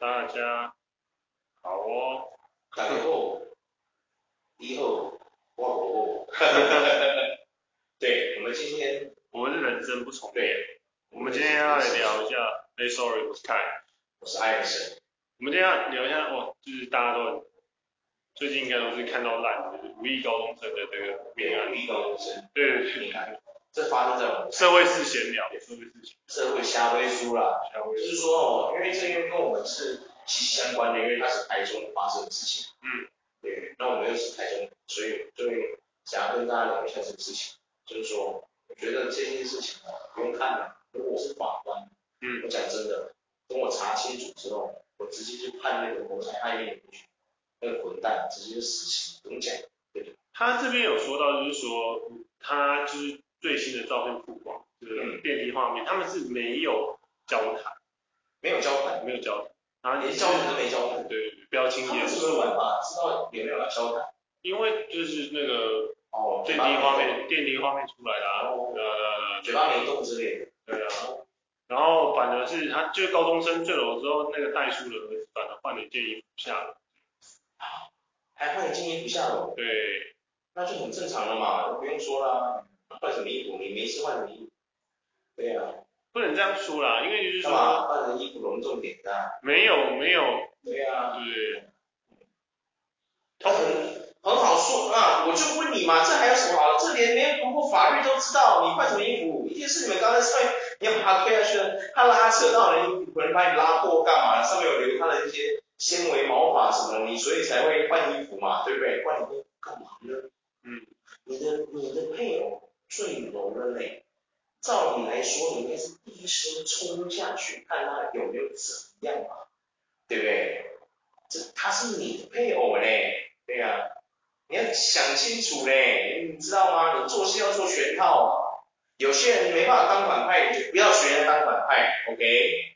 大家好哦，然後，以後，我， 我，哈哈，對我們今天，我們是人生不重來。我們今天要來聊一下 i 對、hey, sorry, I'm s 我是愛神。我們今天要聊一下哦，就是大家都很最近應該都是看到爛，就是五億高中生的這個命案。五億高中生。對對對。這發生在我們社會事先了，社會事件，社會啦、啊，瞎啊、就是說哦，因為這個跟我們是息息相關的，因為它是台中發生的事情。嗯，對。那我們又是台中，所以所以想要跟大家聊一下這個事情，就是說，我覺得這件事情不用看了。如果我是法官，嗯，我講真的，等我查清楚之後，我直接就判那個國台愛院進去，那個混蛋直接就死刑，不用講，對不對？他這邊有說到，就是說他就是。最新的照片曝光，就是電梯畫面，他們是沒有交談，沒有交談，沒有交談，然後連交流都沒交談，對對對，表情也，他們說完嘛，知道也沒有來交談，因為就是那個電梯畫面，電梯畫面出來的啊，呃，嘴巴沒動之類，對啊，然後反而是他，就是高中生墜樓之後，那個代書的兒子反而換了一件衣服下樓，啊，還換了一件衣服下樓，對，那就很正常的嘛，不用說啦。換什麼衣服？你沒事換什麼衣服？對呀、啊，不能這樣說啦，因為就是說，幹嘛換的衣服隆重點的？沒有沒有。對呀、啊。對。他、啊、很很好說啊，我就問你嘛，這還有什麼好、啊？這連連通過法律都知道，你換什麼衣服？一定是你們剛才上面你要把他推下去了，他拉扯到人，有、嗯、人把你拉過幹嘛？上面有留他的一些纖維毛髮什麼的，你所以才會換衣服。蹲下去看他有沒有怎樣啊，對不對？這他是你的配偶嘞，對呀，啊，你要想清楚嘞，你知道嗎？你做事要做全套啊。有些人沒辦法當反派，你就不要學人當反派，OK？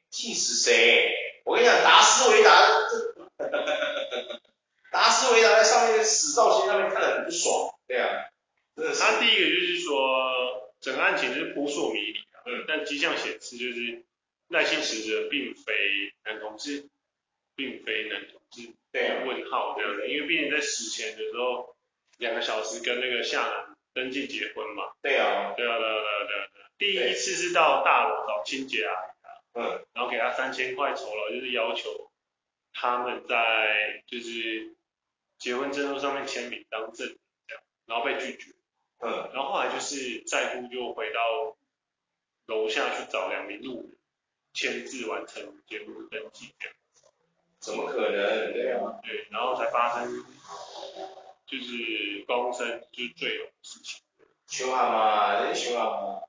最有的事情。修下嘛，人修下嘛。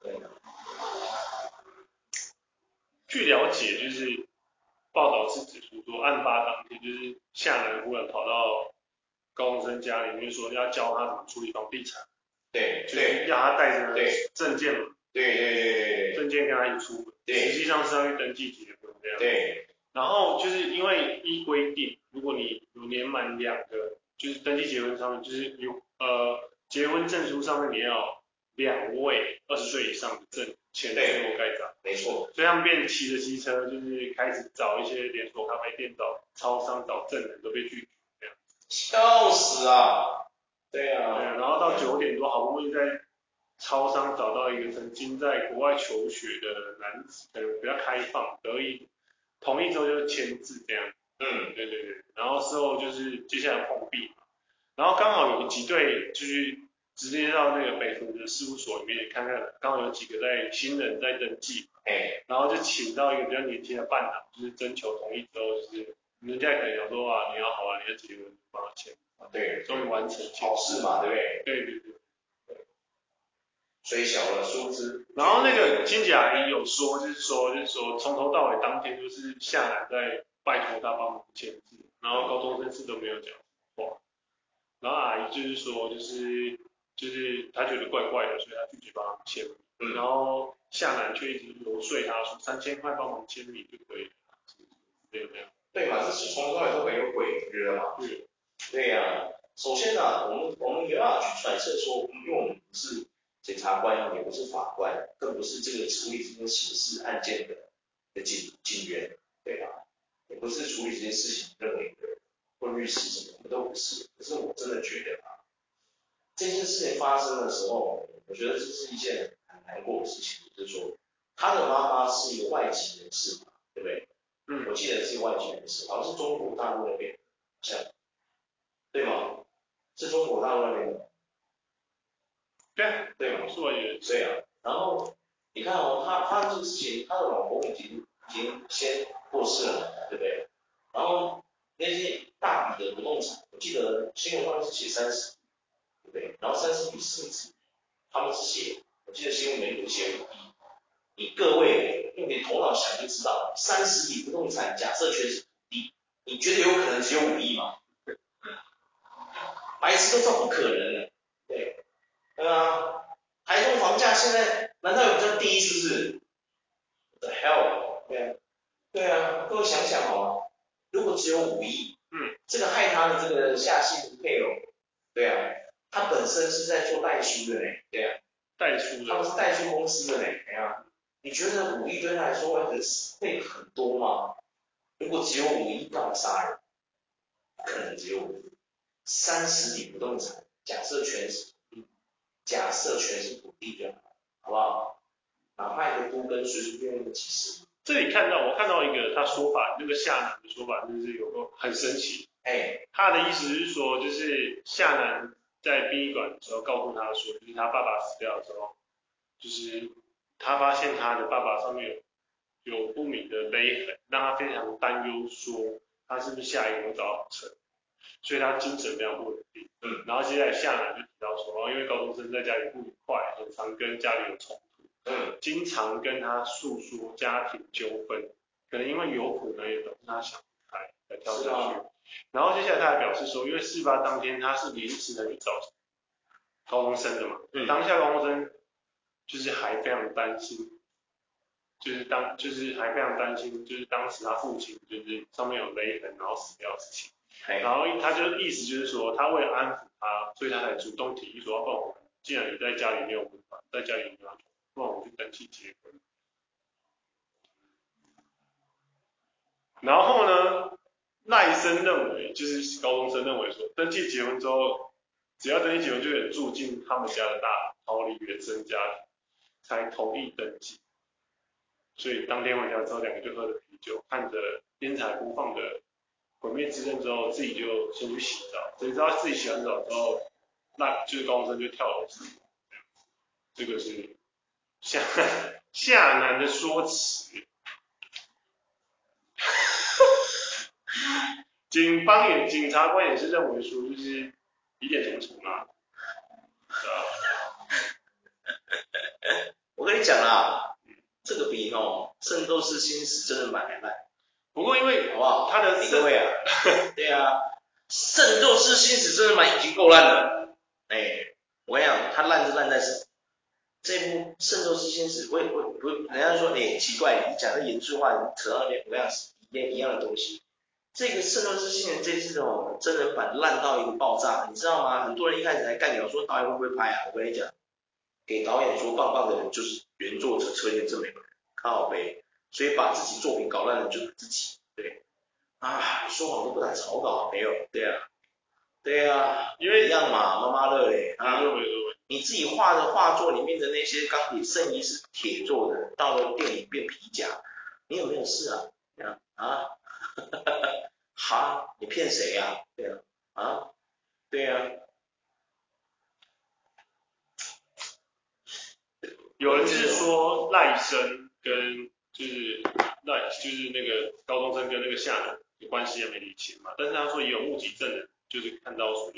對。據了解，就是報道是指出說，說案發當天就是廈門忽然跑到高中生家裡面，面，說要教他怎麼處理房地產。對。就是讓他帶着證件嘛。對對對，證件跟他一出門。對。實際上是要去登記結婚這樣。對。然後就是因為依規定，如果你有年滿兩個，就是登記結婚上面就是有。呃，結婚證書上面你要兩位二十歲以上的證簽字或蓋章，嗯、沒錯。這樣便騎着機車，就是開始找一些連鎖咖啡店，找超商，找證人都被拒絕，這樣。笑死啊！對啊。對啊、嗯，然後到九點多，好不容易在超商找到一個曾經在國外求學的男子，呃，比較開放，得以同意之後就簽字這樣。嗯，對對對，然後事後就是接下來碰壁嘛。然後剛好有幾對就是直接到那個北服的事務所裡面也看看，剛好有幾個在新人在登記嘛，哎，然後就請到一個比較年輕的伴郎，就是徵求同意之後，就是人家可能有說啊，你要好啊，你要幾個你幫他簽、啊，對，對終於完成，好事嘛，對對對？對對對，對所以小了樹枝。然後那個金甲也有說，就是說就是說從頭到尾當天就是夏楠在拜托他幫忙簽字，然後高中生事都沒有講。然後阿姨就是說、就是，就是就是她覺得怪怪的，所以她拒絕幫忙簽、嗯、然後向南卻一直遊說她，說三千塊幫忙簽名就可以了。以對有。對嘛，這是從頭到尾都沒有鬼約嘛。對。對呀、啊。首先呢、啊，我們我們沒辦法去揣測說，因為我們不是檢察官，也不是法官，更不是這個處理這些刑事案件的的警警員，對吧、啊？也不是處理這件事情認為。的。律師什麼，都不是。可是我真的覺得啊，這些事件事情發生的時候，我覺得這是一件很難過的事情。就是說，他的媽媽是一個外籍人士，對不對？嗯。我記得是一個外籍人士，好像是中國大陸那邊的，像對嗎？是中國大陸那邊的。Yeah, 對。對嗎？是吧？對啊。然後你看哦，他，他事情，他的老婆已經已經先過世了，對不對？然後。那些大筆的不動產，我記得新聞上是寫三十，對不對？然後三十億市值，他們是寫，我記得新聞沒有寫五億。你各位用點頭腦想就知道，三十億不動產，假設全是土地，你覺得有可能只有五億嗎？白、嗯、痴都說不可能的，對，對、呃、啊，台中房價現在難道有比較低？是不是？What the hell，對啊，對啊，各位想想好嗎？如果只有五億，嗯，這個害他的這個下線的配偶。對啊，他本身是在做代書的嘞，對啊，代書，他們是代書公司的嘞，哎呀，你覺得五億對他來說會很會很多嗎？如果只有五億，幹嘛殺人？不可能只有五億。三十億不動產，假設全是土地，嗯，假設全是土地就好了，好不好？哪怕一個都跟隨隨便便幾十。這裡看到，我看到一個他說法，那個夏楠的說法就是有個很神奇。哎，他的意思是說，就是夏楠在殯儀館的時候告訴他說，就是他爸爸死掉的時候，就是他發現他的爸爸上面有有不明的勒痕，讓他非常擔憂說，說他是不是下一個會造成，所以他精神比較不穩定。嗯，然後現在夏楠就提到說，然後，哦，因為高中生在家裡不愉快，很常跟家裡有衝突。嗯、經常跟他訴說家庭糾紛，可能因為有苦呢，也導致他想不開才跳下去。啊、然後接下來他還表示說，因為事發當天他是臨時來去找高中生的嘛，嗯、當下高中生就是還非常擔心，就是當就是還非常擔心，就是當時他父親就是上面有勒痕，然後死掉的事情。哎、然後他就意思就是說他為了安撫他，所以他才主動提議說，不然、嗯、我們既然你在家裡沒有辦法，在家裡沒有辦法。那我們就登記結婚。然後呢，賴生認為，就是高中生認為說，登記結婚之後，只要登記結婚，就得住進他們家的大，逃離原生家裡，才同意登記。所以當天晚上之後，兩個就喝着啤酒，看着天才播放的《毀滅之刃》之後，自己就先去洗澡。誰知道自己洗完澡之後，那就是高中生就跳樓了。這個是。下夏楠的說辭， 警方也警察官也是認為說，就是疑點重重嘛。 我跟你講啊，這個筆弄《聖鬥士星矢》真的蠻爛，不過因為好不好？他的地位啊，是 對啊，《聖鬥士星矢》真的蠻已經夠爛了。哎、欸，我跟你講，他爛就爛在是。這部《聖鬥士星矢》我也不，不，人家說哎、欸、奇怪，你講的嚴肅話扯到一點不一樣一一樣的東西。這個《聖鬥士星矢》這次的真人版爛到一個爆炸，你知道嗎？很多人一開始還乾聊說導演會不會拍啊？我跟你講，給導演說棒棒的人就是原作者車田正美，靠北。所以把自己作品搞爛了，就自己，對啊，說謊都不打草稿，沒有，對啊。對啊。因為一樣嘛，媽媽樂咧，嗯、啊。你自己畫的畫作裡面的那些鋼鐵聖衣是鐵做的，到了電影變皮甲，你有沒有事啊？啊？ 哈，你騙誰啊？對啊，啊，對呀、啊。有人就是說賴生跟就是賴就是那個高中生跟那個下人有關係啊，也沒理解嘛，但是他說也有目擊證人就是看到說，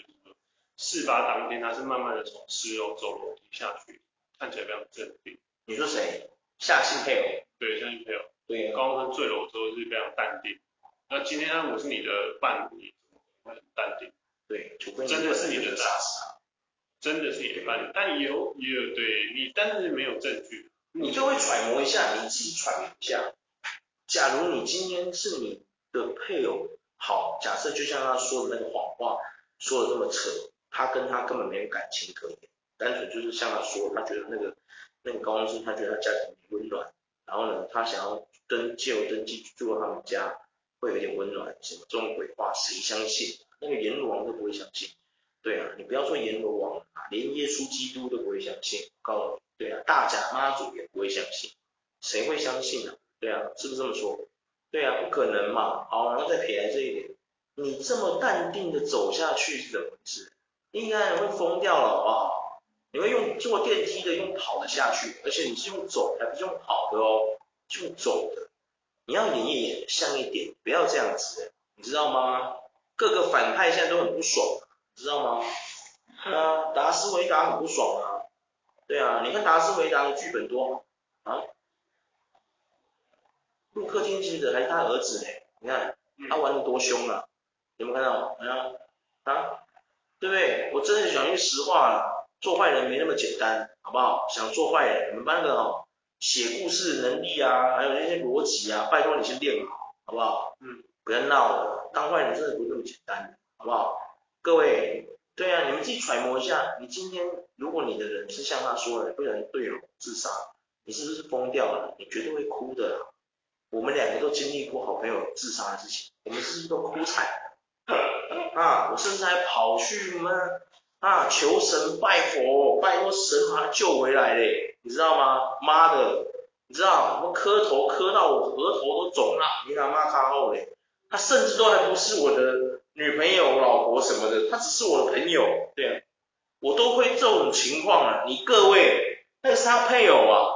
事發當天，他是慢慢的從十樓走樓梯下去，看起來非常鎮定。你說誰？夏姓配偶。對，夏姓配偶。對、哦，高中生墜樓之後是非常淡定。那今天、啊、我是你的伴侶，很淡定。對，除非真的是你的殺，真的是你的伴侶，對但也有也有對你，但是沒有證據。Okay. 你就會揣摩一下，你自己揣摩一下。假如你今天是你的配偶，好，假設就像他說的那個謊話，說的那麼扯。他跟他根本沒有感情可言，單純就是像他說，他覺得那個那個高中生，他覺得他家庭溫暖，然後呢，他想要登，借由登記住到他們家，會有點溫暖什麼這種鬼話，誰相信？那個閻羅王都不會相信。對啊，你不要說閻羅王，連耶穌基督都不會相信。我告訴你，對啊，大甲媽祖也不會相信，誰會相信呢、啊？對啊，是不是這麼說？對啊，不可能嘛。好，然後再撇開這一點，你這麼淡定的走下去是怎麼回事？應該會瘋掉了好不好？你會用坐電梯的，用跑的下去，而且你是用走的，而不是用跑的哦，用走的。你要演一點像一點，不要這樣子，欸，你知道嗎？各個反派現在都很不爽，知道嗎？啊，達斯維達很不爽啊。對啊，你看達斯維達的劇本多嗎啊。路克天行者還是他兒子呢，欸，你看他玩得多凶啊！你有沒有看到？沒有啊？啊對不對？我真的想說實話了，做壞人沒那麼簡單，好不好？想做壞人，你們班的哦，寫故事能力啊，還有那些邏輯啊，拜托你先練好，好不好？嗯，不要鬧了，當壞人真的不會那麼簡單，好不好？各位，對啊，你們自己揣摩一下，你今天如果你的人是像他說的被人對攏自殺，你是不是瘋掉了？你絕對會哭的啊。我們兩個都經歷過好朋友自殺的事情，我們是不是都哭慘？啊！我甚至還跑去嘛啊求神拜佛、哦，拜託神把他救回來嘞，你知道嗎？媽的，你知道我磕頭磕到我額頭都腫了，你看媽他後嘞？他甚至都還不是我的女朋友老婆什麼的，他只是我的朋友。對啊，我都會這種情況啊。你各位，那是他配偶啊，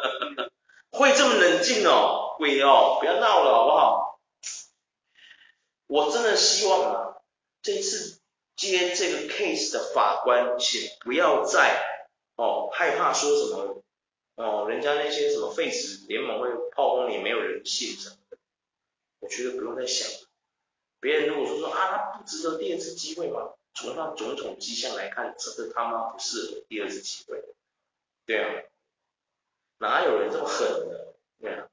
會這麼冷靜哦？鬼哦！不要鬧了，好不好？我真的希望啊，這次接這個 case 的法官，請不要再哦害怕說什麼哦，人家那些什麼廢死聯盟會炮轟你沒有人信什麼的，我覺得不用再想了。別人如果說說啊，他不值得第二次機會嘛？從他種種跡象來看，這是他媽不是第二次機會，對啊，哪有人這麼狠的？對啊，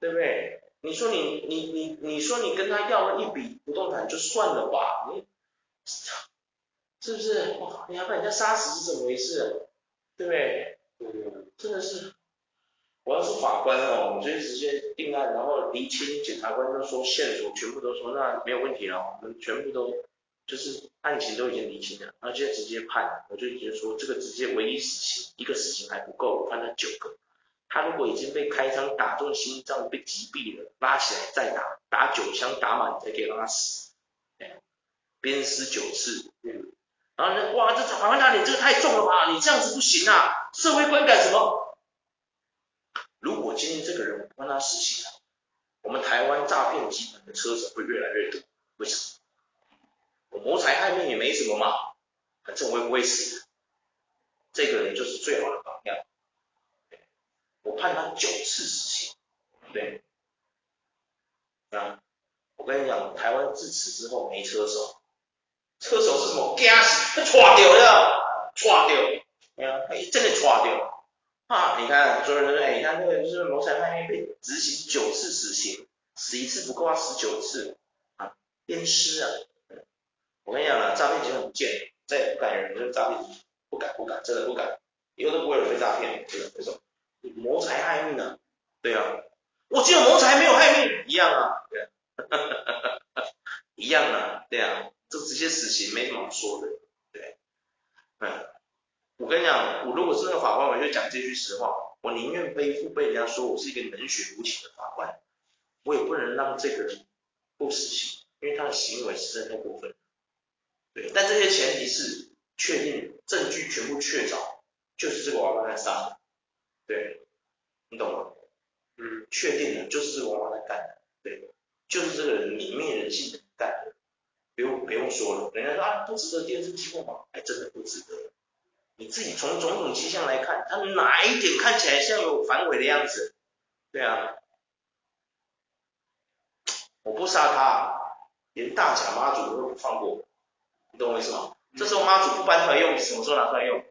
對不對？你說你你你你說你跟他要了一筆不動產就算了吧，你是，是不是？哇，你還把人家殺死是怎麼回事啊？對不對？對、嗯，真的是。我要是法官哦，我就直接定案，然後釐清，檢察官都說線索全部都說，那沒有問題了，我們全部都就是案情都已經釐清了，那就直接判了。我就直接說，這個直接唯一死刑，一個死刑還不夠，我判他九個。他如果已經被開槍打中心臟被擊斃了，拉起來再打，打九槍打滿才可以拉死，鞭屍九次。嗯、然後呢？哇，這法官大人，啊、你這個太重了吧？你這樣子不行啊！社會觀感什麼？如果今天這個人不讓他死刑，我們台灣詐騙集團的車子會越來越多。為什麼？我謀財害命也沒什麼嘛，反正我不會死。這個人就是最好的榜樣。我判他九次死刑，對啊、嗯，我跟你講，台灣自此之後沒車手，車手是什麼？打死，他抓掉了，抓掉，哎、嗯，啊、欸，他一抓掉。啊，你看，所以說，哎，你看那個就是謀財害命被執行九次死刑，死一次不夠啊，死九次啊，鞭屍啊。我跟你講了，詐騙局很賤，再也不敢有人詐騙，不敢不敢，真的不敢，以後都不會有人被詐騙，真的這種。謀財害命啊，對啊，我只有謀財沒有害命，一樣啊，對啊。哈哈哈一樣啊，對啊，這直接死刑沒什麼好說的，對啊，嗯，我跟你講，我如果是那個法官，我就講這句實話，我寧願背負被人家說我是一個冷血無情的法官，我也不能讓這個人不死刑，因為他的行為是真的過分，對，但這些前提是確定證據全部確鑿，就是這個王八蛋殺的。對，你懂嗎？嗯，確定的，就是這個王八蛋幹的，對，就是這個人泯滅人性的幹的。不用不用說了，人家說啊，不值得第二次機會嗎？哎，真的不值得。你自己從種種跡象來看，他哪一點看起來像有反悔的樣子？對啊，我不殺他，連大甲媽祖都不放過，你懂我意思嗎？嗯，這時候媽祖不搬出來用，你什麼時候拿出來用？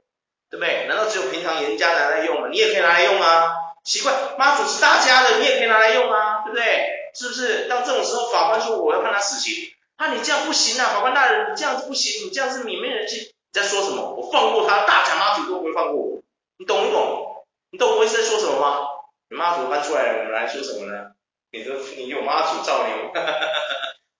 對不對？難道只有平常人家拿來用嗎？你也可以拿來用啊！奇怪，媽祖是大家的，你也可以拿來用啊，對不對？是不是？到這種時候，法官說我要判他死刑，啊你這樣不行啊！法官大人，你這樣子不行，你這樣子你沒人性！你在說什麼？我放過他，大甲媽祖都不會放過我，你懂不懂？你懂我意思在說什麼嗎？你媽祖搬出來我們來說什麼呢？你說你有媽祖罩你哈哈哈哈，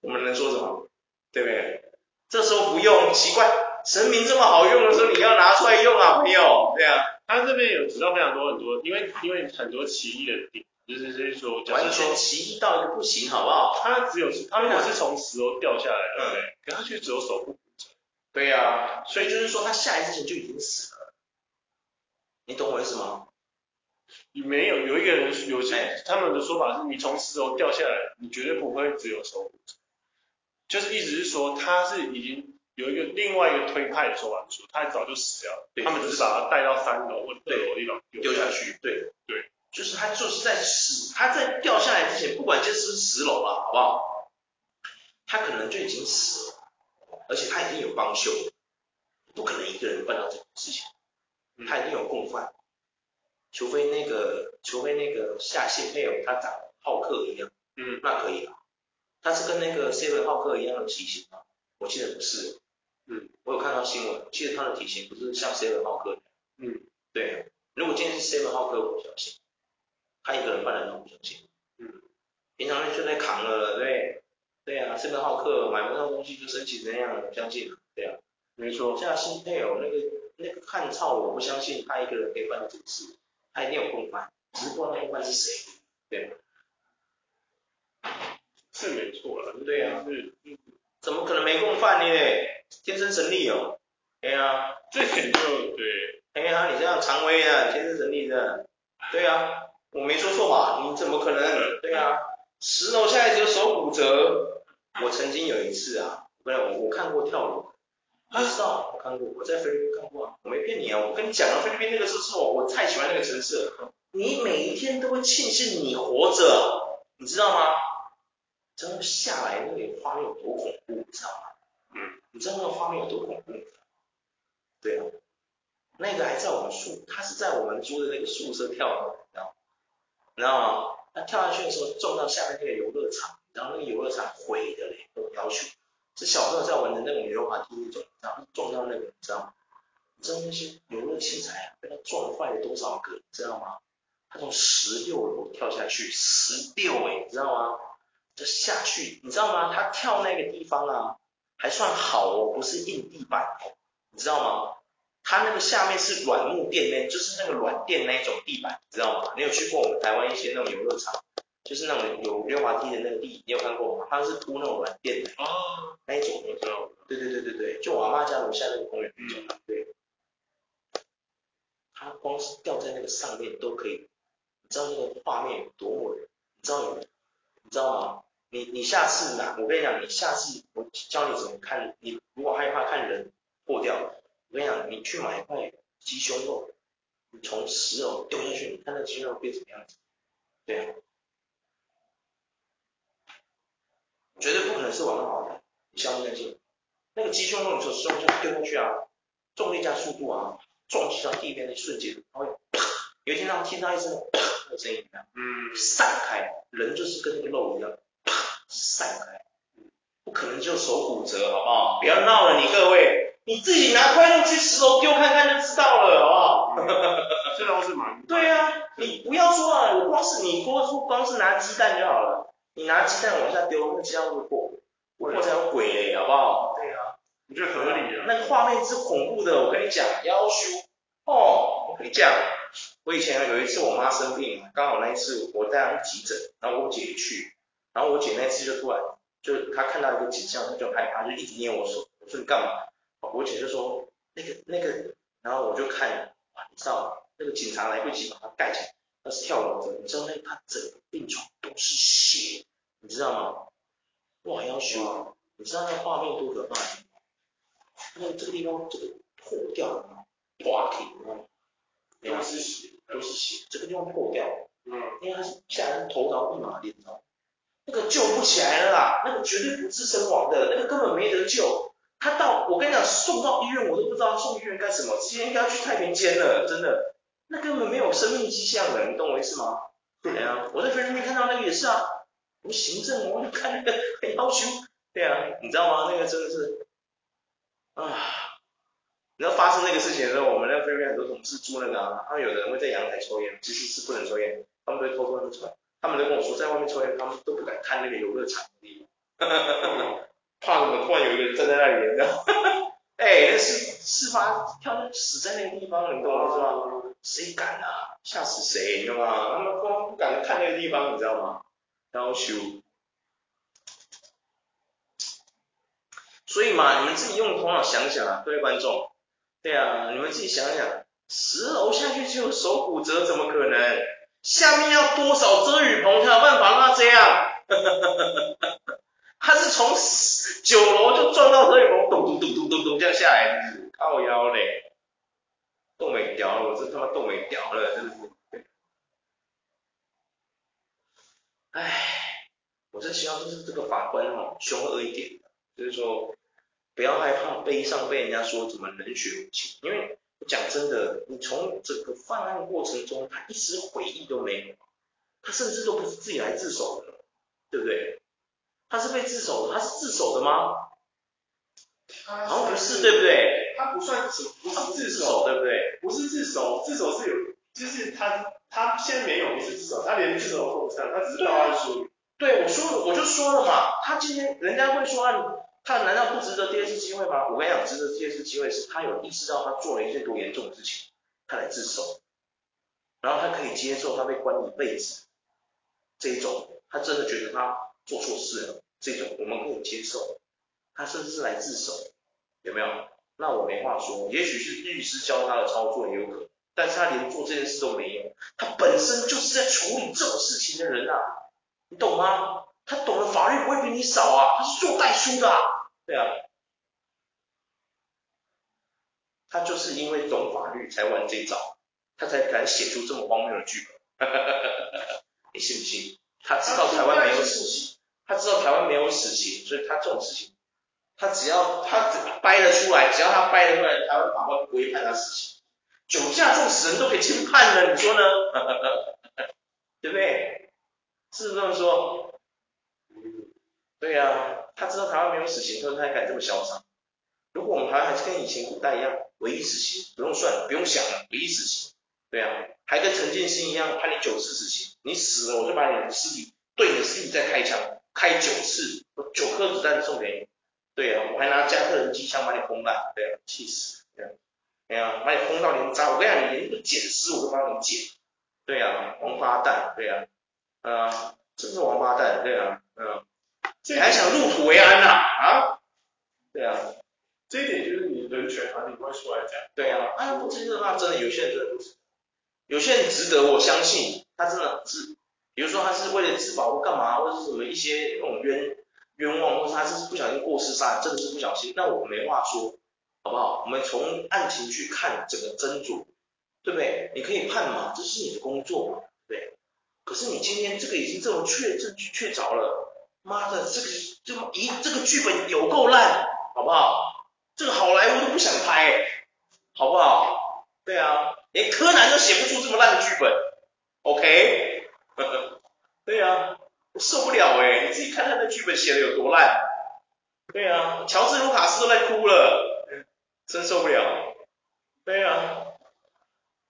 我們能說什麼？對不對？這時候不用奇怪。神明這麼好用的時候，你要拿出來用啊，朋友。對啊，他這邊有知道非常多很多，因為因為很多奇異的點，就是就是說，假如說完全奇異到不行，好不好？他只有他如果是從石頭掉下來，對、啊？可他卻只有手骨折對呀、啊，所以就是說他下一次就已經死了。你懂我意思嗎？你沒有有一個人有他們的說法是，你從石頭掉下來，你絕對不會只有手骨折。就是意思是說他是已經。有一個另外一個推派的說法，說他早就死掉了，對他們只是把他帶到三樓對或者四樓、五樓丟下去。對對，對對對就是他就是在死，他在掉下來之前，不管這是，是十樓吧，好不好？他可能就已經死了，嗯、而且他已經有幫兇，不可能一個人辦到這種事情，他一定有共犯，除非那個除非那個下線配偶他長浩克一樣，嗯，那可以啊，他是跟那個 seven 浩克一樣的體型嗎？我記得不是。嗯，我有看到新聞，其實他的體型不是像客的 s 斯文浩克一樣。嗯，對、啊，如果今天是 s e v 斯文浩克，我不相信，他一個人辦的那麼相信。嗯，平常人就在扛了，對，對啊，斯文浩克買不到東西就升級那樣，我相信。對啊，沒錯，現像今天有那個那個漢操，我不相信他一個人可以辦這個事，他一定有共犯，只、嗯、不過那共犯是誰？對、啊、是沒錯了，了對啊？是怎麼可能沒共犯呢？天生神力哦，對呀最肯定對。哎呀，你這樣常威啊天生神力的，對啊，我沒說錯吧？你怎麼可能？嗯、對啊，十樓下來只有手骨折。嗯、我曾經有一次啊，不我，我我看過跳樓。他知道、啊、我看過，我在菲律賓看過啊，我沒騙你啊，我跟你講了菲律賓那個事之後，我太喜歡那個城市了、嗯。你每一天都會慶幸你活着，你知道嗎？真的下來，那個花有多恐怖，你知道嗎？嗯，你知道那個畫面有多恐怖？對啊，那個還在我們宿，他是在我們租的那個宿舍跳的，你知道？你知道嗎？他跳下去的時候撞到下面那個遊樂場，然後那個遊樂場毀的那個要求。這小朋友在我們的那個種滑梯，裡面，然後撞到那個你，你知道嗎？你知道那些遊樂器材啊，被他撞壞了多少個，你知道嗎？他從十六樓跳下去，十六哎，你知道嗎？就下去，你知道嗎？他跳那個地方啊。還算好哦，不是硬地板哦，你知道嗎？它，那個下面是軟木墊那，就是那個軟墊那一種地板，你知道嗎？你有去過我們台灣一些那種遊樂場，就是那種有溜滑梯的那個地，你有看過嗎？它是鋪那種軟墊的哦，那一種你知道嗎？有對對對對對，就我媽家樓下那個公園那種，嗯，對。它光是掉在那個上面都可以，你知道那個畫面有多麼你知道有？你知道嗎？你你下次拿，我跟你講，你下次我教你怎麼看。你如果害怕看人破掉，我跟你講，你去買一塊雞胸肉，你從十樓丟下去，你看那雞肉會怎麼樣子？對啊，絕對不可能是完好的，你相不相信？那個雞胸肉你說就是丟下去啊，重力加速度啊，撞擊到地面的一瞬間，它會你會聽到聽到一聲啪，那聲音、啊、嗯，散開，人就是跟那個肉一樣。散開，不可能就手骨折好不好？不要鬧了你各位，你自己拿塊肉去石頭丟看看就知道了好不好？石是蠻對啊，你不要說啊，我光是你光說光是拿雞蛋就好了，你拿雞蛋往下丟，那雞蛋會破，不破才有鬼嘞好不好？對啊，你覺得合理啊，那個畫面是恐怖的，我跟你講，夭壽哦，我跟你講，我以前有一次我媽生病，剛好那一次我帶她急診，然後我姐去，然後我姐那次就突然就她看到一個景象，她就害怕，就一直捏我手。我說你幹嘛？我姐就說那個那個，然後我就看，哇，你知道那個警察來不及把他蓋起來，他是跳樓的，你知道嗎？他整個病床都是血，你知道嗎？哇，還要血！哇你知道那畫面多可怕嗎？因為這個地方這個破掉了嗎 broken 嗎？都是血，都是血，這個地方破掉了，嗯、因為他是下來頭朝一馬你知那個救不起來了啦，那個絕對不治身亡的，那個根本沒得救。他到，我跟你講，送到醫院我都不知道送醫院幹什麼，直接應該去太平間了，真的，那根本沒有生命跡象了，你懂我意思嗎？對啊、嗯， 我在菲律賓看到那個也是啊，什麼行政我就看、那個、很要求，對啊，你知道嗎？那個真的是啊，然後發生那個事情的時候，我們在菲律賓很多同事住那呢，啊，有的人會在陽台抽煙，其實是不能抽煙，他們會偷偷的出來他們都跟我說，在外面抽煙，他們都不敢看那個遊樂場的地方， 怕什麼？突然有一個人站在那裡，你知道嗎？哎、 欸，那是事，事發，跳死在那個地方，你懂我意思嗎？誰敢、嗯、啊？嚇死誰，你知道嗎？嗯、他們光不敢看那個地方，你知道嗎？然後修。所以嘛，你們自己用頭腦想想啊，各位觀眾。對啊，你們自己想想，十樓下去就手骨折，怎麼可能？下面要多少遮雨棚？才有辦法讓他這樣， 他是從九樓就撞到遮雨棚，咚咚咚咚咚，這樣下來，靠腰嘞，凍尾屌了，我真他媽凍尾屌了，真是。唉，我真希望就是這個法官哈、哦，兇惡一點，就是說不要害怕背上被人家說怎麼冷血無情，因為。講真的，你從整個犯案的過程中，他一絲悔意都沒有，他甚至都不是自己來自首的，對不對？他是被自首的，他是自首的嗎？好像是不是，對不對？他不算自，他自首，對不對？不是自首，自首是有，就是他，他先沒有，不是自首，他連自首都不算，他只是報案說。對，我說，我就說了嘛，他今天人家會說案。他難道不值得第二次機會嗎？我跟你講，值得第二次機會是他有意識到他做了一件多嚴重的事情，他來自首，然後他可以接受他被關一輩子，這一種他真的覺得他做錯事了，這種我們可以接受。他甚至是來自首，有沒有？那我沒話說，也許是律師教他的操作也有可能，但是他連做這件事都沒有，他本身就是在處理這種事情的人吶啊，你懂嗎？他懂的法律不會比你少啊，他是做代書的啊。對啊，他就是因為懂法律才玩這一招，他才敢寫出這麼荒謬的劇本。你 信不信？他知道台灣沒有死刑，他知道台灣沒有死刑，所以他這種事情，他只要他只掰得出來，只要他掰得出來，台灣法官不會判他死刑。酒駕撞死人都可以輕判了，你說呢？ 對不對？是不是這麼說？對呀、啊，他知道台灣沒有死刑，所以他還敢這麼囂張。如果我們台灣還是跟以前古代一樣，唯一死刑，不用算了，不用想了，唯一死刑。對呀、啊，還跟陳建新一樣判你九次死刑，你死了我就把你的屍體對着屍體再開槍，開九次，九顆子彈送給你。對呀、啊，我還拿加特林機槍把你轟爛。對呀、啊，氣死。對呀、啊，對呀、啊，把你轟到連渣。我跟你講，連那個撿屍我都幫你們撿。對呀、啊，王八蛋。對呀、啊，嗯、呃，真是王八蛋。對呀、啊，嗯、呃。你還想入土為安吶、啊？啊，對啊，對啊，這一點就是你的人權，你不會說來講，對啊。啊我今的那真的有些人，有些人值得，我相信他真的是，比如說他是為了自保或幹嘛，或者是什麼一些那種、嗯、冤冤枉，或者他是不小心過失殺人，真的是不小心，那我沒話說，好不好？我們從案情去看整個斟酌，對不對？你可以判嘛，這是你的工作嘛，對、啊。可是你今天這個已經這種確證據確鑿了。媽的，這個這麼、個、一，這個劇本有夠爛，好不好？這個好萊塢都不想拍，欸，好不好？對啊，連柯南都寫不出這麼爛的劇本，OK？呵呵，對啊，我受不了誒、欸，你自己看他的劇本寫的有多爛，對啊，喬治·盧卡斯都快哭了，對真受不了，對啊，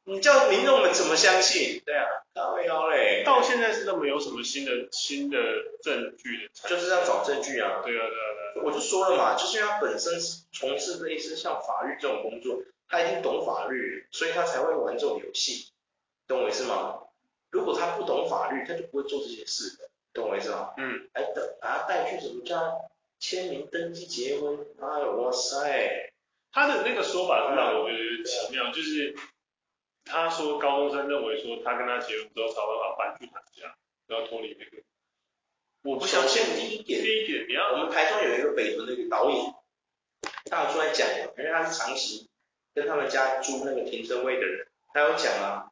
你叫民眾們怎麼相信？對啊。到沒有嘞，到現在是都沒有什麼新的、嗯、新的證據的，就是要找證據啊。對啊，對啊。對啊，對啊，我就說了嘛，嗯、就是他本身是從事一些像法律這種工作，他已經懂法律，所以他才會玩這種遊戲，懂我意思嗎？嗯、如果他不懂法律，他就不會做這些事，懂我意思嗎？嗯。還等把他帶去什麼叫簽名登記結婚？啊、哎，哇塞！他的那個說法讓我覺得奇妙，嗯啊、就是。他說高中生認為說他跟他結婚之後，找到啊搬去他們家，然後脫離那個。我不相信第一點。第一點要我們台中有一個北屯的一個導演，他有出來講，因為他是長期跟他們家租那個停車位的人，他有講啊，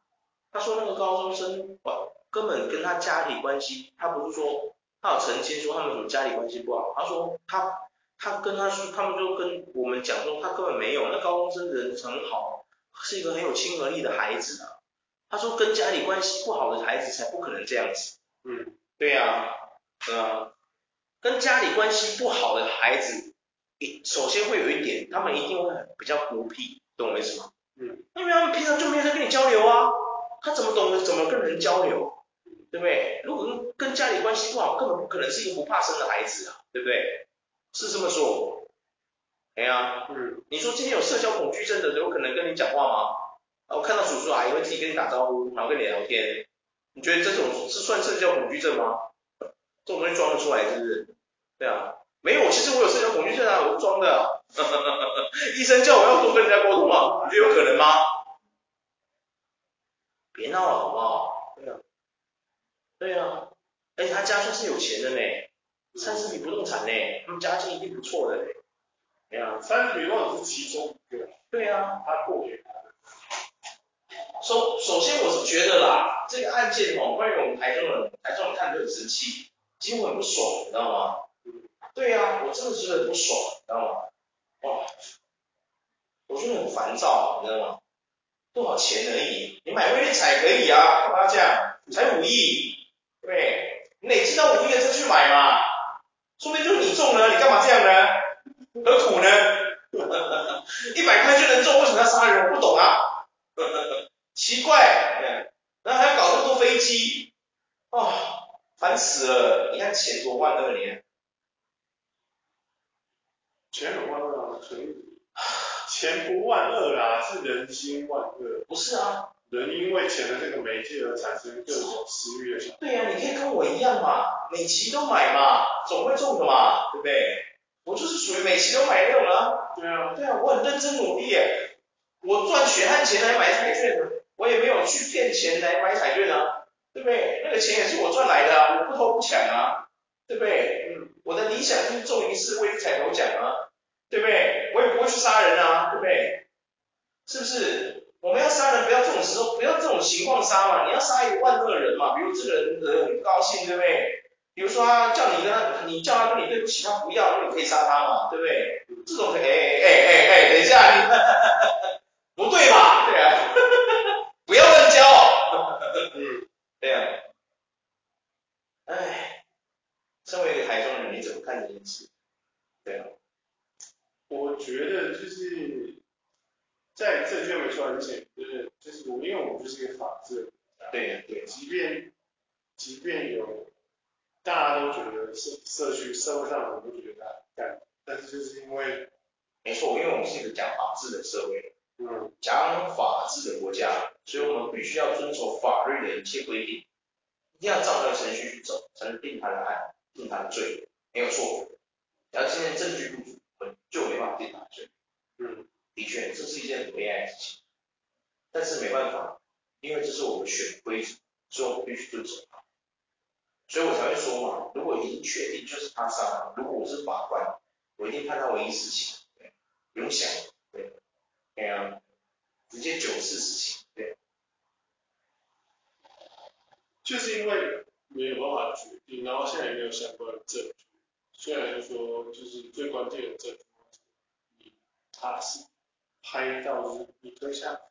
他說那個高中生啊根本跟他家裡關係，他不是說他有澄清說他們什麼家裡關係不好，他說他他跟他說他們就跟我們講說他根本沒有，那高中生人很好。是一個很有親和力的孩子啊。他說跟家裡關係不好的孩子才不可能這樣子。嗯，對呀，啊，嗯，跟家裡關係不好的孩子，首先會有一點，他們一定會很比較孤僻，懂我意思嗎？嗯，因為他們平常就沒有在跟你交流啊，他怎麼懂得怎麼跟人交流？對不對？如果跟跟家裡關係不好，根本不可能是一個不怕生的孩子啊，對不對？是這麼說。沒啊，哎呀，嗯，你說今天有社交恐懼症的人，有可能跟你講話嗎？啊，我看到叔叔阿姨會自己跟你打招呼，然後跟你聊天，你覺得這種是算社交恐懼症嗎？這種東西裝得出來是不是？對啊，沒有，其實我有社交恐懼症啊，我裝的。 醫生叫我要多跟人家溝通啊，你覺得有可能嗎？別鬧了，好不好？對啊，對啊，哎，他家算是有錢的呢，三十、嗯、你不動產呢，他們家境一定不錯的。對啊，三十億萬只是其中一個。對，對啊，他過去他。首、so, 首先，我是覺得啦，這個案件吼、哦，關於我們台中人，台中人看都很生氣，幾乎很不爽，你知道嗎？對啊，我真的是很不爽，你知道嗎？哇，我是很煩躁，你知道嗎？多少錢而已，你買回來踩可以啊，幹嘛這樣，你才五億，對，你哪知道五億元才去買嘛？說不定就是你中了，你幹嘛這樣呢？何苦呢？ 一百塊就能中，為什麼要殺人？我不懂啊！ 奇怪、啊啊，然後還要搞那麼多飛機啊、哦？煩死了！你看錢多萬惡，你看。錢多萬惡啊？所以，錢不萬惡啊，是人心萬惡。不是啊。人因為錢的這個媒介而產生各種私欲的啊。對呀，你可以跟我一樣嘛，每期都買嘛，總會中的嘛，對不對？我就是屬於每期都買那種啊，對啊，對啊，我很認真努力耶，我賺血汗錢來買彩券的，我也沒有去騙錢來買彩券啊，對不對？那個錢也是我賺來的啊，我不偷不搶啊，對不對？嗯，我的理想就是中一次威力彩頭獎啊，對不對？我也不會去殺人啊，對不對？是不是？我們要殺人，不要這種時候，不要這種情況殺嘛，你要殺一萬個人嘛，比如這個人人不高興，對不對？比如說，叫你跟他，你叫他跟你對不起，他不要，那你可以殺他嘛，對不對？這種是哎哎哎哎，等一下，你呵呵呵不對吧？對啊，呵呵呵不要亂教，啊，呵呵呵嗯對，啊，對啊，哎，身為一個台中人，你怎麼看這件事？對啊，我覺得就是在前，在證券和專件，就是就是我們，因為我們就是一個法治，啊，對、啊、對、啊，即，即便即便有。大家都覺得社社區社會上人都覺得這樣，但是就是因為沒錯，因為我們是一個講法治的社會，嗯，講法治的國家，所以我們必須要遵守法律的一切規定，一定要按照程序去走，才能定他的案，定他的罪，沒有錯。然後今天證據不足，我們就沒辦法定他的罪。嗯，的確，這是一件很悲哀的事情。但是沒辦法，因為這是我們選規則，所以我們必須遵守。所以我才會說嘛，如果已經確定就是他殺了，如果我是法官，我一定判他唯一死刑，對，不用想，對，這樣，嗯，直接九次死刑，對，就是因為沒有辦法決定，然後現在也沒有相關的證據，雖然說就是最關鍵的證據，你他是拍到你推下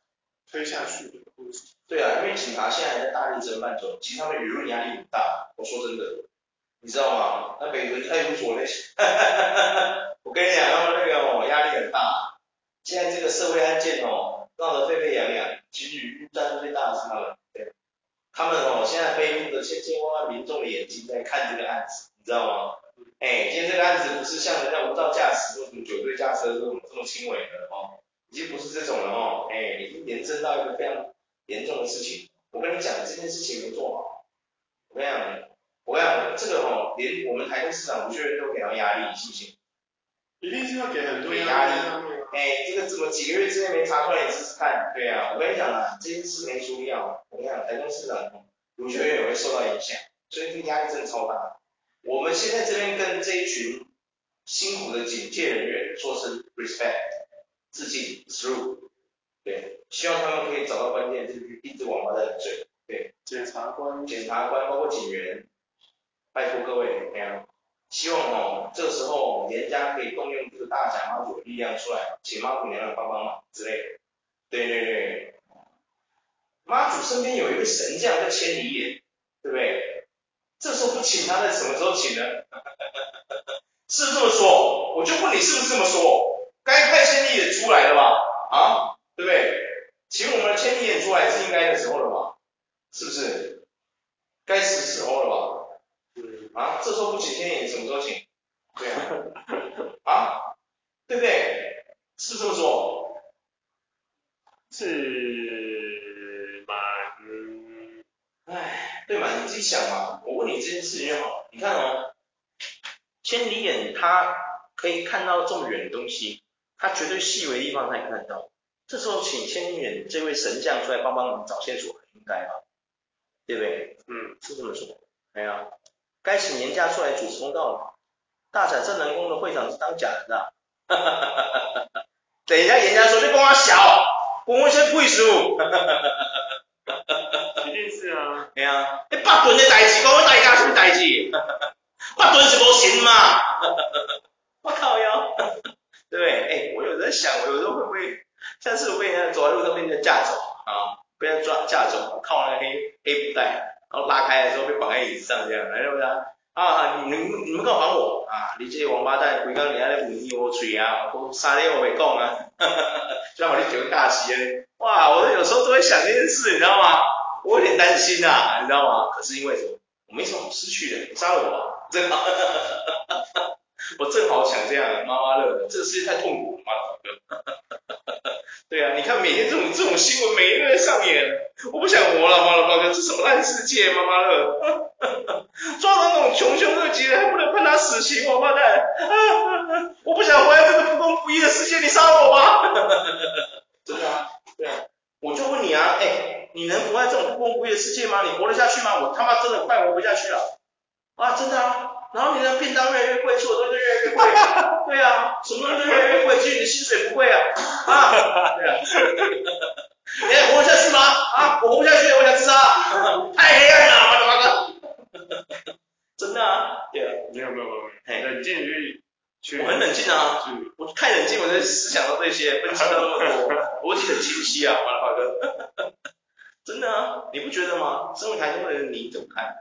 推下去的過程。對啊，因為警察現在還在大力偵辦中，其實他們輿論壓力很大。我說真的，你知道嗎？那每個派出所的。哈哈哈哈哈哈！我跟你講，他們那個壓力很大。現在這個社會案件哦，鬧得沸沸揚揚，其實輿論壓力最大的是他們。他們哦，現在背負着千千萬萬民眾的眼睛在看這個案子，你知道嗎？哎，今天這個案子不是像人家無照駕駛這種酒醉駕車這種這麼輕微的哦，已經不是這種了哦，哎，已經延伸到一個非常。嚴重的事情，我跟你講，這件事情沒做好，我跟你講，我跟你講，這個哦，連我們台中市長盧秀燕都給到壓力，信不信？一定是要給很多壓力。對，壓力哎，這個怎麼幾個月之內沒查出來？你試試看。對啊，我跟你講啊，這件事沒處理好。我跟你講，台中市長盧秀燕也會受到影響，所以這壓力真的超大。我們現在這邊跟這一群辛苦的警戒人員說聲 respect，致敬 through。對，希望他們可以找到關鍵證據，閉住網吧的嘴。對，檢對察官、檢察官包括警員，拜託各位，這樣。希望哦，這時候嚴家可以動用這個大甲媽祖力量出來，請媽祖娘娘幫幫忙之類的。對對對，對。媽祖身邊有一位神將叫千里眼，對不對？這時候不請他，在什麼時候請呢？ 是，不是這麼說，我就問你，是不是這麼說？該派千里眼出來了吧？啊？對不對？請我們的千里眼出來是應該的時候了吧？是不是？該是時候了吧？嗯、啊，這時候不請千里眼，什麼時候請？對啊， 啊，對不對？是這麼說？是吧，嗯、唉，對嘛？你自己想嘛。我問你這件事情就好。你看哦，嗯、千里眼它可以看到這麼遠的東西，它絕對細微的地方它也看得到。這時候請千遠這位神將出來幫幫我們找線索，應該吧？對不對？嗯，是這麼說的。哎呀，該請人家出來主持公道了。大展正能工的會長是當假的。哈哈哈！ 等一下人家說這跟我小我們先背書。哈哈哈！一定是啊。哎呀，那八屯的代志，公公來講什麼代志？八 屯是無心嘛？ 我靠喲！ 對不對？哎、欸，我有在想，我有時候會不會，上次我被人家走在路上被人家架走啊，被人家抓，抓架走，銬那個黑黑布袋，然後拉開的時候被綁在椅子上這樣，來知不知啊你，你們你們敢綁我啊？你這些王八蛋，回到你家些汙泥我吹啊，我殺雕我沒講啊，哈哈哈！就讓我就覺個大喜啊哇！我有時候都會想這件事，你知道嗎？我有點擔心啊，你知道嗎？可是因為什麼？我沒什麼好失去的，殺了我，啊，真的，哈哈哈哈哈哈。我正好想這樣，媽媽樂，這個世界太痛苦了，媽寶哥。 對啊，你看每天這種這種新聞，每一個人在上演，我不想活了，媽了，媽哥，這是什麼爛世界，媽媽樂。 抓到那種窮兇惡極的，還不能判他死刑，王八蛋。 我不想活在這個不公不義的世界，你殺了我吧。真 的啊？對啊。我就問你啊，哎、欸，你能活在這種不公不義的世界嗎？你活得下去嗎？我他媽真的快活不下去了。哇、啊，真的啊！然後你的便當越來越貴，吃的東西越來越貴， 對啊，什麼東西越來越貴？其實你的薪水不貴啊，啊， 對啊，你、 欸、活不下去嗎？啊，我活不下去，我想吃啊， 太黑暗了，我的，大哥，真的啊，對啊，沒有沒有沒有沒有，冷靜去去，我很冷靜啊，是我太冷靜，我在思想到這些，分析到邏輯很清晰啊，我的，大哥，真的啊，你不覺得嗎？生活台中人你，你怎麼看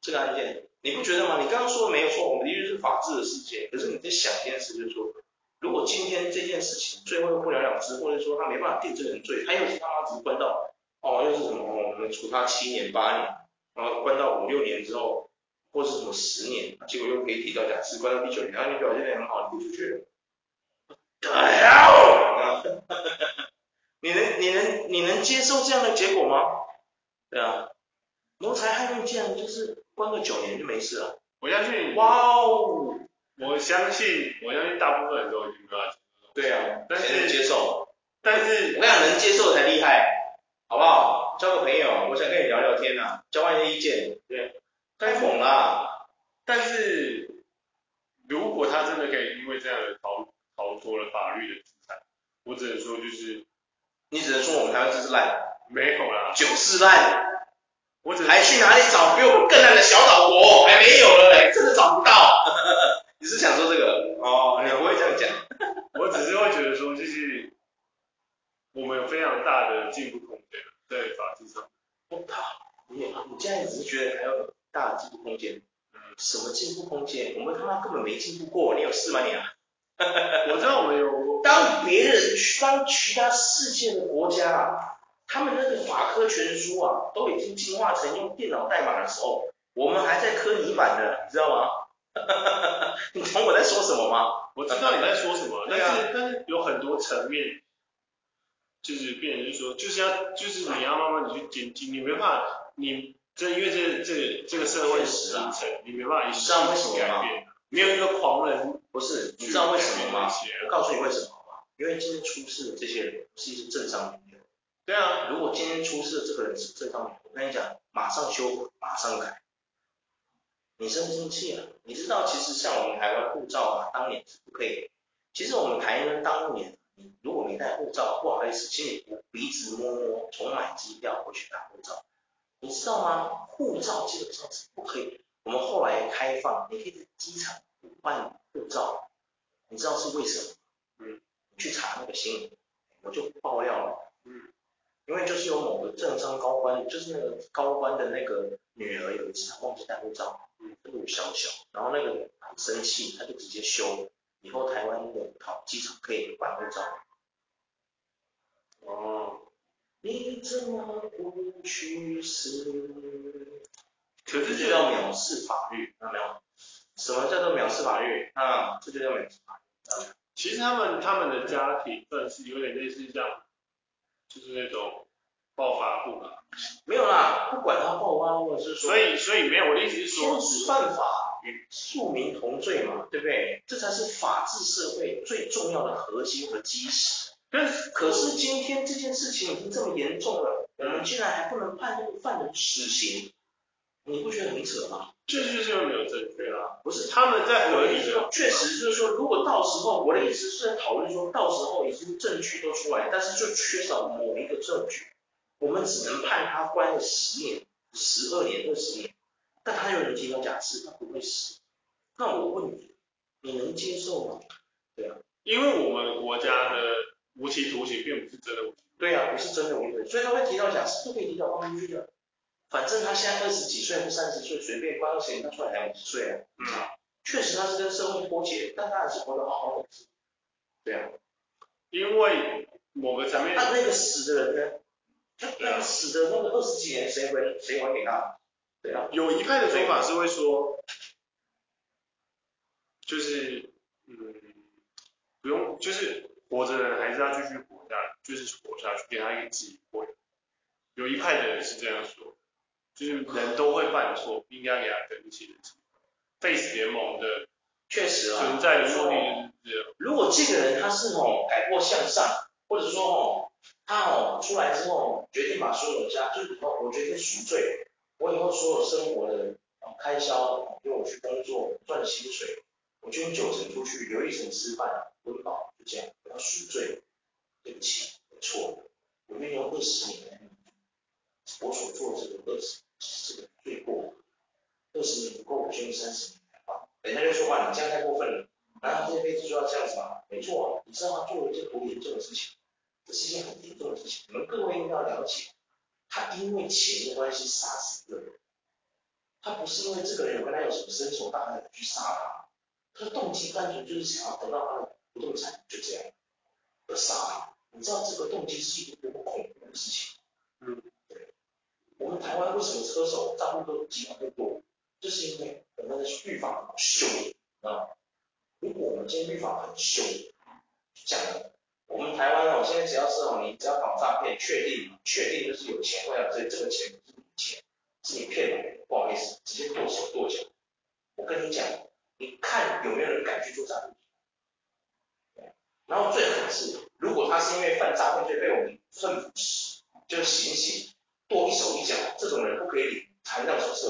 這個案件？你不覺得嗎？你剛剛說的沒有錯，我們的確是法治的世界。可是你在想一件事就是說，如果今天這件事情最後不了了之，或者說他沒辦法定這人罪，他又是他媽只是關到哦，又是什麼？我、哦、們處他七年八年，然後關到五六年之後，或是什麼十年，結果又可以提到假釋，關到第九年，然後你表現得很好，你就出去了。g o hell，你能你能你能，你能接受這樣的結果嗎？對啊，謀財害命這樣就是。關個九年就沒事了，我相信，哇哦，我相信，我相信大部分人都已經不了九年。對啊，但是接受，但是我想能接受才厲害，好不好？交個朋友，我想跟你聊聊天吶、啊，交換一些意見。對，太瘋了、啊。但是如果他真的可以因為這樣的逃逃脫了法律的制裁，我只能說就是，你只能說我們台灣真是爛，沒有啦，就是爛。我只是還去哪裡找比我們更爛的小島國？還、欸，沒有了嘞、欸，真的找不到。 你是想說這個？哦、oh, no，我也這樣講。 我只是會覺得說，就是我們有非常大的進步空間，在法治上。我操！你你現在只是覺得還有很大的進步空間？什麼進步空間？我們看他媽根本沒進步過！你有事嗎你啊？ 我知道我們有當別。當別人去當其他世界的國家啊。他們那個百科全書啊，都已經進化成用電腦代碼的時候，我們還在磕泥板的，你知道嗎？你懂我在說什麼嗎？我知道你在說什麼，但是但是有很多層面，就是變成就是說就是要就是你要慢慢你去剪，你沒辦法，你這因為這這這個社會現實啊，你沒辦法一下子改變，沒有一個狂人，不是，你知道為什麼嗎？我告訴你為什麼吧，因為今天出事的這些人，不是一些正常。對啊，如果今天出事的這個人是這方面，我跟你講，馬上修，馬上改。你生不生氣啊？你知道，其實像我們台灣護照啊，當年是不可以。其實我們台灣當年，你如果沒帶護照，不好意思，其實你鼻子摸摸，重買機票回去拿護照。你知道嗎？護照基本上是不可以。我們後來開放，你可以在機場辦護照。你知道是為什麼？嗯。你去查那個新聞，我就爆料了。嗯。因為就是有某個政商高官，就是那個高官的那個女兒，有一次她忘記帶護照，嗯，跟魯小小，然後那個人很生氣，他就直接修，以後臺灣的跑機場可以辦護照。哦、嗯，你怎麼不去死？可是就要藐視法律，看到沒有？什麼叫做藐視法律？啊、嗯，嗯、這就叫藐視法律。啊，其實他們他們的家庭算是有點類似這樣。就是那種暴發戶嘛，沒有啦，不管他暴發或者是說，所以所以沒有我一直說，說是犯法與庶民同罪嘛，對不對？這才是法治社會最重要的核心和基石。可是可是今天這件事情已經這麼嚴重了，我們竟然還不能判這個犯人死刑，你不覺得很扯嗎？確實就就是因為沒有證據，啊，不是他們在我的意思，對確實就是說，如果到時候、嗯、我的意思是在討論說，說到時候已經證據都出來，但是就缺少某一個證據，我們只能判他關了十年、十二、嗯、年、二十年，但他又能提早假釋，他不會死。那我問你，你能接受嗎？對啊，因為我們國家的無期徒刑並不是真的無期，對啊，不是真的無期，所以他會提早假釋，就可以提早放出去的。反正他現在二十幾歲或三十歲，隨便關二十年，他出來才五十歲啊。嗯。確實他是跟社會脫節，但他還是活得好好的。的。對啊。因為某個層面，他那個死的人呢？啊、他那個死的人，那個二十幾年誰會誰還給他？對啊。有一派的說法是會說，就是嗯，不用，就是活着的人還是要繼續活下來，就是活下去，給他一個機會。有一派的人是這樣說的。就是人都會犯錯，應該給他不起的刑。Face、嗯、聯盟的確實啊、哦，存在的說明是這樣、嗯，如果這個人他是哦改過向上，嗯、或者說哦他哦出來之後決定把所有家就以後我決定贖罪，我以後所有生活的人開銷，用我去工作賺薪水，我就用九成出去留一成吃飯溫飽，就這樣，我要他贖罪。對不起，我錯了，我願意用二十年，我所做的這個二十這個罪過，二十年不夠，我需要三十年來報。人家就說話，你這樣太過分了。然後這輩子就要這樣子嗎？沒錯，啊，你知道他做了一件多嚴重的事情，這是一件很嚴重的事情。你們各位應該要了解，他因為錢的關係殺死一個人，他不是因為這個人跟他有什麼深仇大恨去殺他，他的動機單純就是想要得到他的不動產，就這樣而殺他。你知道這個動機是一個多麼恐怖的事情？嗯。我們台灣為什麼車手賬戶都經常被躲？這、就是因為我們的預防很兇道、啊、如果我們今天預防很兇，講，我們台灣呢、哦，我現在只要是、哦、你只要搞詐騙，確定確定就是有錢，我要這這個錢不是你錢，是你騙的，不好意思，直接剁手剁腳。我跟你講，你看有沒有人敢去做詐騙？然後最好是，如果他是因為犯詐騙罪被我們判，就死刑。剁一手一腳，這種人不可以談那種事。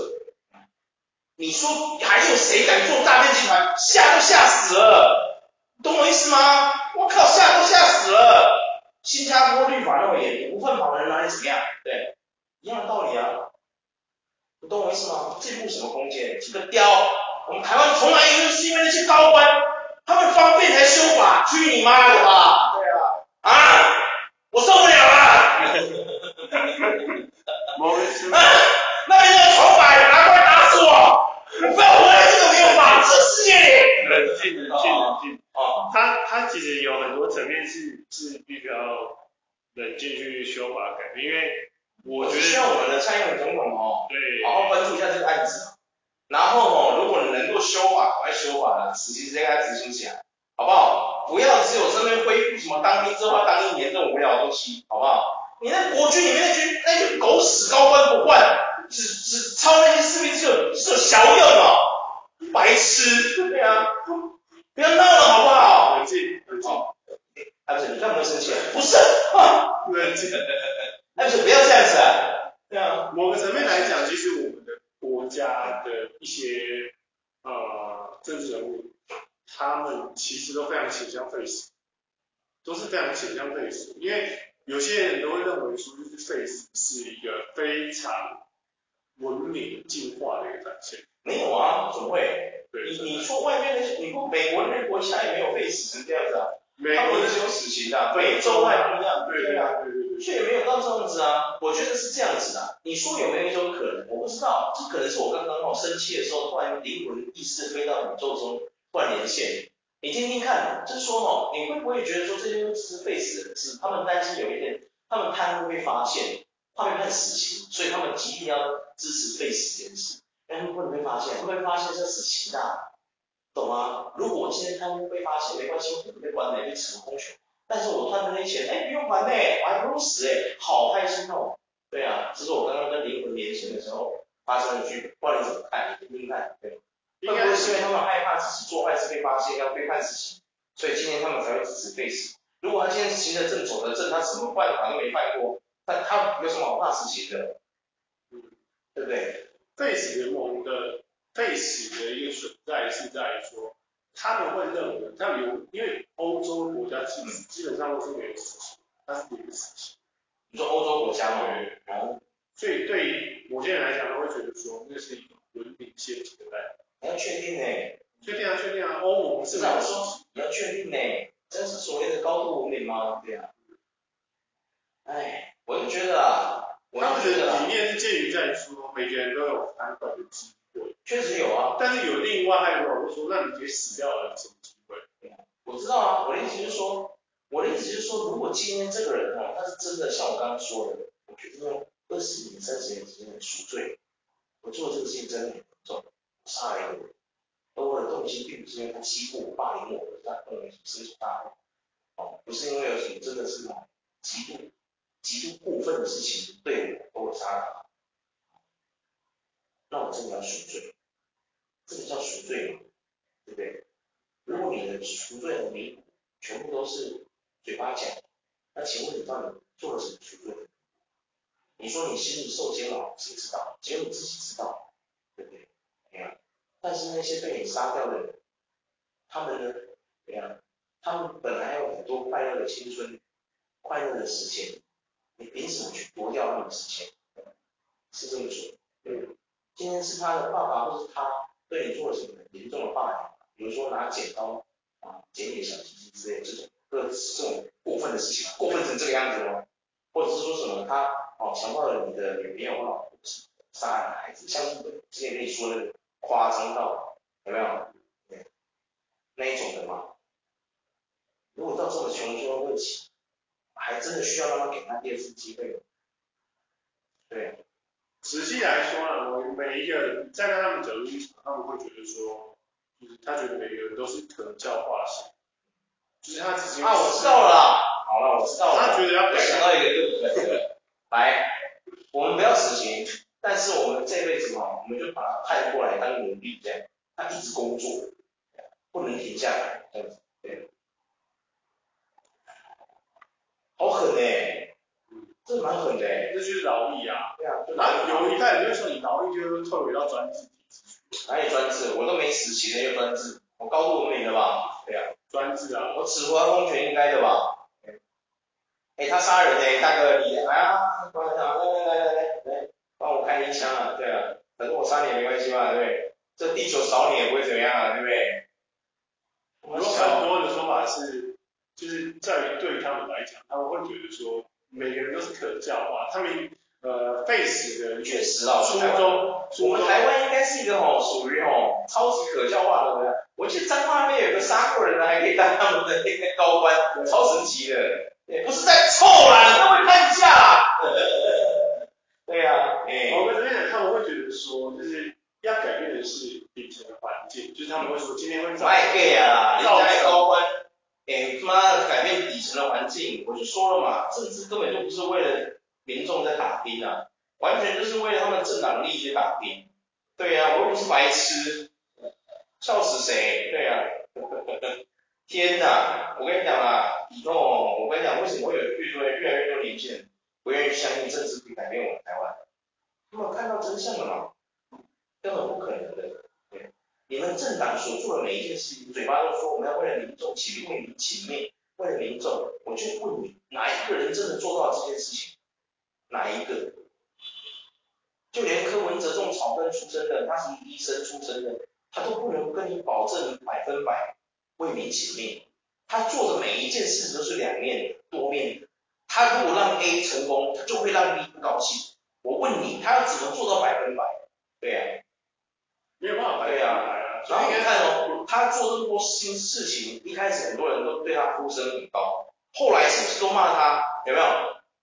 你說還有誰敢做詐騙集團？嚇都嚇死了，懂我意思嗎？我靠，嚇都嚇死了。新加坡律法那麼嚴，不犯法的人拿你怎麼樣？對，一樣的道理啊。你懂我意思嗎？進步什麼空間？這個雕，我們台灣從來有是因為那些高官，他們方便才修法。去你媽的吧！對啊，啊，我受不了了。 其實有很多層面是是必須要冷靜去修法改變，因為我覺得我我需要我們的蔡英文總統哦，對，好好關注一下這個案子，然後哦，如果能夠修法，快修法了，直接給他執行起來，好不好？不要只有這邊恢復什麼當兵之後，當一年這種無聊東西，好不好？你那國軍裡面那群那群狗屎高官不換，只只抄那些士兵是有是有小用哦，白痴，對啊，不要鬧了好不好？哦，阿你幹嘛生氣？不是，對，阿杰不要這樣子啊。這樣，某個層面來講，其實我們的國家的一些呃政治人物，他們其實都非常傾向 face，都是非常傾向 face，因為有些人都會認為說，就是 face 是一個非常文明進化的一個展現。沒有啊，怎麼會？你你說外面那些，你不美國那個國家也沒有廢死成這樣子啊？美國也是期、啊、對有死刑的，非洲外國一樣，對啊，對啊對對對卻也沒有到這樣子啊。我覺得是這樣子的、啊。你說有沒有一種可能？我不知道，這可能是我剛剛吼生氣的時候，突然靈魂意識飛到宇宙中，突然連線。你聽聽看，就是、說吼，你會不會覺得說這些都只是廢死的事？他們擔心有一天他們貪污被發現，他們判死刑，所以他們極力要支持廢死這件事。哎，如、嗯、不能被發現，會不會發現這是死刑的？懂嗎？如果我今天貪污被發現，沒關係，可能被關哪一層公權？但是我貪的那些，哎、欸，不用關呢、欸，我還不如死哎、欸，好開心哦！對啊，這是我剛剛跟靈魂連線的時候發生的一句，不管你怎麼看，你聽聽看，對。會不會是因為他們害怕自己做壞事被發現要被判死刑，所以今天他們才會支持廢死？如果他今天行得正走得正，他什麼辦法都沒犯過，但他他有什麼好怕死刑的？嗯，對不對？廢死我們的廢死的一個存在是在於說，他們會認為，他們有，因為歐洲國家基基本上都是沒有死刑，但是沒有死刑。你說歐洲國家嘛，對。然後，所以對於某些人來講，他會覺得說，那是一個文明的崛起，你要確定呢、欸？確定啊，確定啊，歐盟是民主。你要確定呢、欸？這是所謂的高度文明嗎？對啊。哎，我就覺得啊。當時的理念是基於在中每個人都有翻轉的機會。確實有啊，但是有另外一種話，我說讓你直接死掉了有什麼機會？嗯，我知道啊，我的意思是說，我的意思是說，如果今天這個人啊，他是真的像我剛剛說的，我覺得用二十年、三十年時間贖罪，我做這個事情真的很重，我殺了一個人，而我的動機並不是因為他欺負我、霸凌我，我才動機如此大。哦，不是因為有什麼真的是極度。極度過分的事情對我都有殺掉，那我真的要贖罪，這個叫贖罪嗎？對不對？如果你的贖罪和彌補全部都是嘴巴講，那請問你到底做了什麼贖罪？你說你心裡受煎熬，誰知道？只有你自己知道，對不對？哎，但是那些被你殺掉的人，他們呢？對，哎呀，他們本來有很多快樂的青春，快樂的事情。你憑什麼去奪掉那種事情，是這麼說，對，對今天是他的爸爸，或者是他對你做了什麼嚴重的霸凌，比如說拿剪刀啊，剪你小皮筋之類這種各、就是、這種過分的事情，過分成這個樣子嗎？或者是說什麼他哦強暴了你的女朋友哦，老婆或是殺害孩子，像之前跟你說的，誇張到有沒有對？那一種的嘛，如果到時候這種程度問起。還真的需要讓他給他第二次機會。對，實際來說呢，我、呃、們每一個人站在他們角度立場，他們會覺得說，就、嗯、是他覺得每個人都是可能教化的型，就是他自己。啊，我知道了。好了，我知道了。他覺得要給一個一個，來，我們不要死刑，但是我們這輩子嘛，我們就把他派過來當奴隸這樣，他一直工作，不能停下來這樣，對。好、哦、狠哎、欸，這蠻狠的、欸，這就是勞役啊。對啊，有哪一代人就說你勞役就是特別到專制。哪裡專制？我都沒實行那些專制，我、哦、高度文明了吧？對啊，專制啊，我指揮他公權應該的吧？哎、欸欸，他殺人呢、欸，大哥你來啊，幫一下，來來來來來，幫我開一槍啊！對啊，反正我殺你也沒關係嘛，對，對這地球少你也不會怎麼樣、啊，對不對？我有很多的說法是。就是在對他們來講，他們會覺得說每個人都是可教化。他們呃，face 的人，確實啊，初中，我們台灣應該是一個吼，屬於吼超級可教化的。我記得彰化那邊有個殺過人的，還可以當他們的那個高官，超神奇的。不是在臭啦，各位看一下。對呀，我們怎麼講？他們會覺得說，就是要改變的是以前的環境。就是他們會說，今天會找一個高官。哎媽的，改變底層的環境，我就說了嘛，政治根本就不是為了民眾在打拼啊，完全就是為了他們政黨利益打拼。對呀、啊，我又不是白痴，笑死誰？對呀、啊。天哪，我跟你講啊，以後我跟你講，為什麼會有越來越多、越來越多年輕人不願意相信政治可以改變我們台灣？他們看到真相了嘛？根本不可能的。你們政黨所做的每一件事情，嘴巴都說我們要為了民眾、為民請命、為了民眾，我就問你，哪一個人真的做到這件事情？哪一個？就連柯文哲這種草根出身的，他是醫生出身的，他都不能跟你保證百分百為民請命。他做的每一件事情都是兩面、多面的。他如果讓 A 成功，他就會讓 B 不高興。我問你，他要怎麼做到百分百？對呀、啊，沒有辦法。呀、啊。然後你看哦，他做這麼多新事情，一開始很多人都對他呼聲很高，後來是不是都罵他？有沒有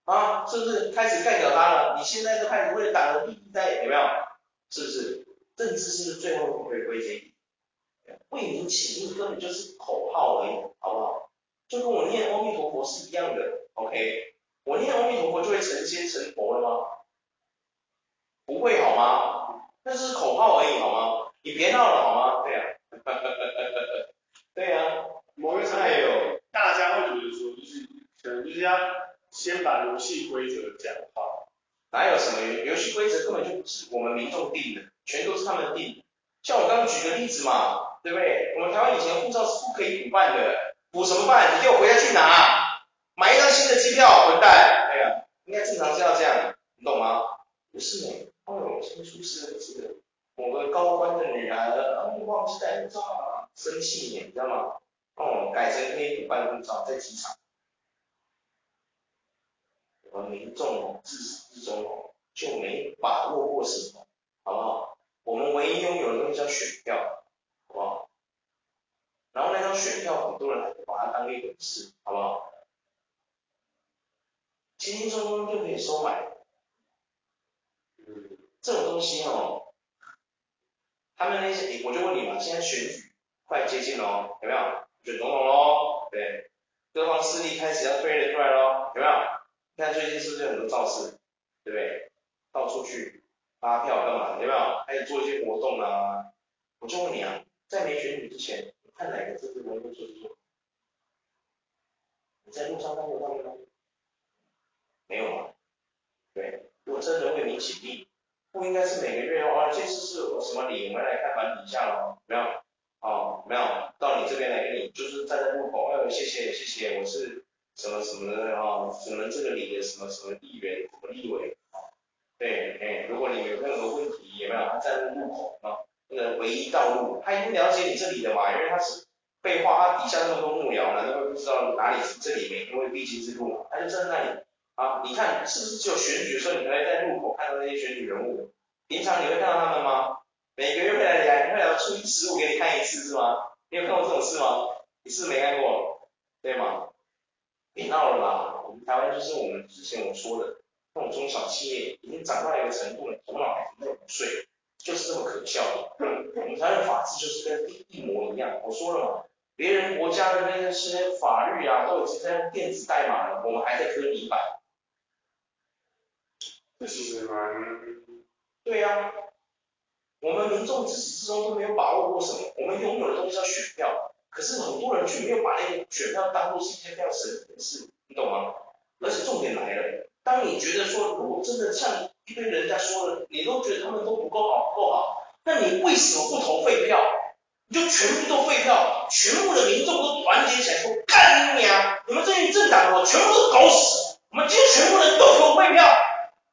啊？是不是開始代腳他了？你現在就開始為了黨的利益在，有沒有？是不是政治？是不是最後都會歸結，為民請命根本就是口號而已，好不好？就跟我念阿彌陀佛是一樣的。OK，我念阿彌陀佛就會成仙成佛了嗎？不會好嗎？那是口號而已好嗎？你別鬧了好嗎？對呀、啊， 對呀、啊，某個還有大家會覺得說，就是可能就是要先把遊戲規則講好。哪有什麼遊戲規則？根本就不是我們民眾定的，全都是他們定的。的像我剛，剛舉的例子嘛，對不對？我們台灣以前護照是不可以補辦的，補什麼辦？你就回家去拿，買一張新的機票，混蛋！對呀、啊，應該正常是要這樣，的你懂嗎？不是嘛？哎、哦、呦，新書是是的。這個我們高官的女兒、啊、忘記帶護照了，生氣呢，你知道嗎？哦，改成黑土板公照在機場。我們民眾自始至終就沒把握過什麼，好不好？我們唯一擁有的東西叫選票，好不好？然後那張選票，很多人還把它當一回事，好不好？輕輕鬆鬆就可以收買，嗯，這種東西哦。他們那些，我就問你嘛，現在選舉快接近了哦，有沒有？選總統咯，對，各方勢力開始要推了出來嘍，有沒有？你看最近是不是有很多造勢？對不對？到處去拉票幹嘛？有沒有？開始做一些活動啊？我就問你啊，在沒選舉之前，你看哪個政治人物做得你在路上看到到沒有？沒有啊？對，對，我真的為你起立不應該是每個月哦、啊，這次是我什麼裡，我來看管底一下了。沒有？哦、啊，沒有，到你這邊來跟你就是站在路口，哎呦謝謝謝謝，我是什麼什麼的哦、啊，什麼這個裡的什麼什麼議員什麼立委對哎，如果你有任何問題也沒有，他站在路口啊，那能、個、唯一道路，他也不了解你這裡的嘛，因為他是被花他底下那麼多幕僚，難道會不知道哪裡是這裡面？因為必經之路嘛，他就站在那裡。啊，你看，是不是只有選舉的時候，才你會在路口看到那些選舉人物？平常你會看到他們嗎？每個月會來你會來初一十五給你看一次是嗎？你有看過這種事嗎？你是，不是沒看過，對嗎？別鬧了吧。我們台灣就是我們之前我說的那種中小企業，已經漲到一個程度了，頭腦很睡就是這麼可笑的。我們台灣的法制就是跟一模一樣。我說了嘛，別人國家的那些法律啊，都已經在用電子代碼了，我們還在刻泥板。為什麼？對呀、啊，我們民眾自始至終都沒有把握過什麼。我們擁有的東西叫選票。可是很多人卻沒有把那個選票當做是一件非常神聖的事，你懂嗎？而且重點來了，當你覺得說，如果真的像一堆人家說的，你都覺得他們都不夠好，不夠好，那你為什麼不投廢票？你就全部都廢票，全部的民眾都團結起來說，說幹你娘，你們這些政黨我全部都搞死！我們今天全部人都投廢票。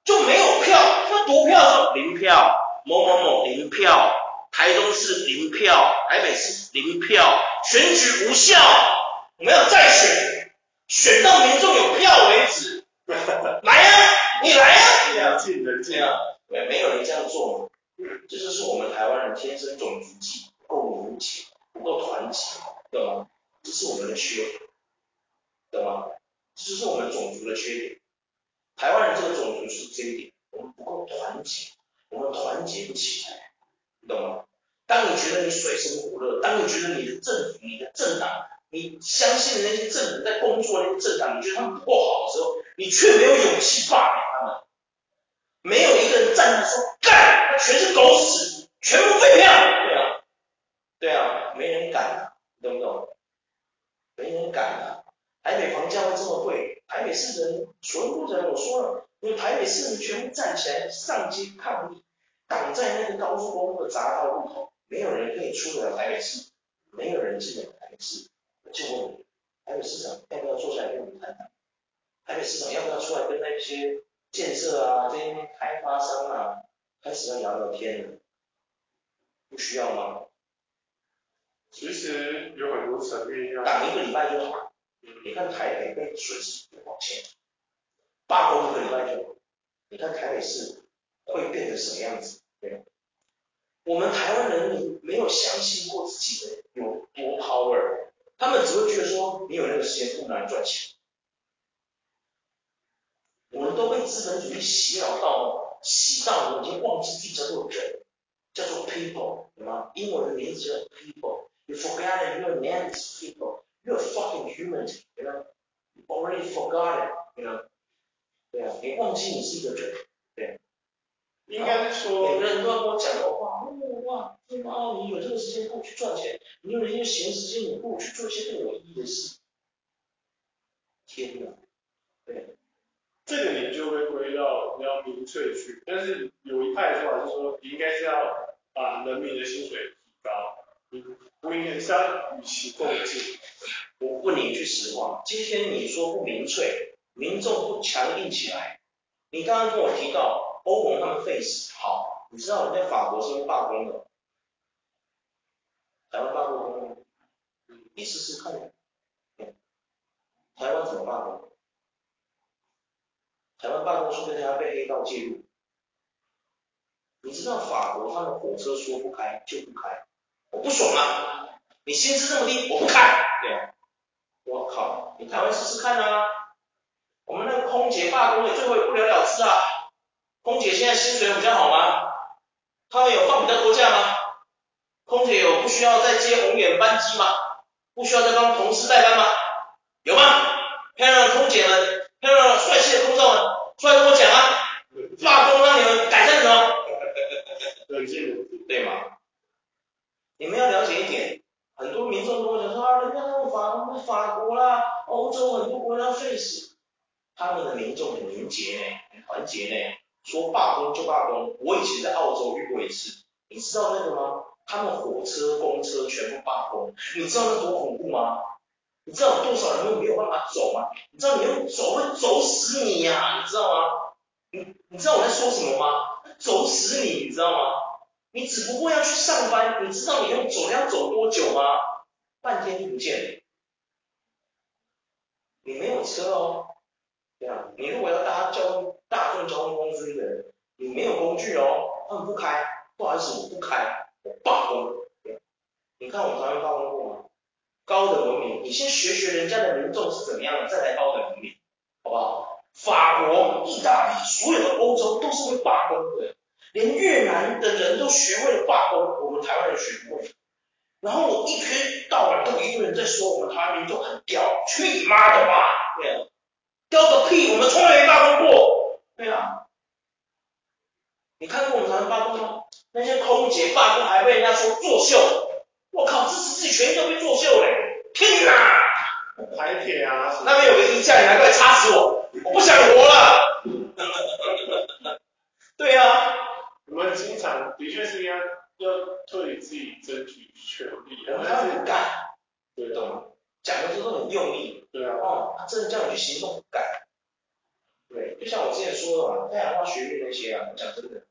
就沒有票，那讀票的時候零票，某某某零票，台中市零票，台北市零票，選舉無效，我們要再選，選到民眾有票為止。呵呵來呀、啊，你來呀、啊！這樣這樣，沒沒有人這樣做嗎？這就是我們台灣人天生種族際不夠團結，不夠團結，懂嗎？這是我們的缺點，懂嗎？這就是我們種族的缺點。台灣人這個種族是這一點，我們不夠團結，我們團結不起來，你懂嗎？當你覺得你水深火熱，當你覺得你的政府、你的政黨、你相信的那些政府，在工作的那些政黨，你覺得他們不夠好的時候，你卻沒有勇氣罷免他們，沒有一個人站出說幹，全是狗屎，全部廢票。對啊，對啊，沒人敢啊，你懂不懂？沒人敢啊，台北房價會這麼貴？台北市人，所有工人，我說了，因為台北市人全部站起來上街抗議，擋在那個高速公路的匝道路口，沒有人可以出得了台北市，沒有人進得了台北市，就問你，台北市長要不要坐下來跟我們談談？台北市長要不要出來跟那些建設啊、這些開發商啊，開始要聊聊天呢？不需要嗎？其實有很多層面要、啊、一個禮拜就好。你看台北被隨時往前罷工的禮拜六，你看台北市會變成什麼樣子？對 我們台灣人民沒有相信過自己的有多 power， 他們只會覺得說你有那個時間不難賺錢。我們都被資本主義洗腦到洗到，我已經忘記自己叫做人叫做 people，對嗎？英國人也叫 people，if you got your name is people。你 fucking human，you know? you already forgot it, you know?、yeah. hey, 你知道？你 already forgotten，你知道？對啊、哦，你忘記你是個人，對。應該說，每個人都要跟我講的話，哇哇，他媽，你有這個時間跟我去賺錢？你有這些閒時間，你跟我去做一些更有意義的事？天哪，對。這個你就會歸到比較民粹去，但是有一派說法是說，你應該是要把人民的薪水提高。不明顯，夠勁！我問你一句實話，今天你說不明確，民眾不強硬起來？你剛剛跟我提到歐盟他們 face 好，你知道人家法國是先罷工的。台灣罷工意思是看，嗯，台灣怎麼罷工？台灣罷工說不定還被黑道介入。你知道法國他們火車說不開就不開。我不爽啊！你薪資這麼低，我不幹。對。我靠，你台灣試試看啊！我們那個空姐罷工了，最後不了了之啊！空姐現在薪水比較好嗎？他們有放比較多假嗎？空姐有不需要再接紅眼班機嗎？不需要再幫同事代班嗎？有嗎？漂亮的空姐們，漂亮的帥氣的空少們，出來跟我講啊！罷工讓你們改善什麼？對不起 你們要了解一點，很多民眾跟我講說，啊，人家都法國、法國啦，歐洲很多國家、瑞士，他們的民眾很凝結呢，很團結呢，說罷工就罷工。我以前在澳洲遇過一次，你知道那個嗎？他們火車、公車全部罷工，你知道那多恐怖嗎？你知道有多少人會沒有辦法走嗎？你知道你用走會走死你呀，啊，你知道嗎？你你知道我在說什麼嗎？走死你，你知道嗎？你只不過要去上班，你知道你用走要走多久嗎？半天就不見了。你沒有車哦，這樣、啊，你如果要搭交通，大眾交通工具的人，你沒有工具哦，他們不開，不好意思，我不開，我罷工、啊。你看我們台灣罷工過嗎？高等文明，你先學學人家的民眾是怎麼樣的，再來高等文明，好不好？法國、意大利，所有的歐洲都是會罷工的。連越南的人都學會了罷工，我們台灣人學不會。然後我一天到晚都一個人在說我們台灣民眾很屌，去你媽的吧！對啊，屌個屁！我們從來沒罷工過。對啊，你看過我們台灣罷工嗎？那些空姐罷工還被人家說作秀，我靠，這世界全都被作秀嘞！天吶！啊！還騙啊？那邊有一個衣架，你還來過來插死我！我不想。太陽花學院那些啊，講真的，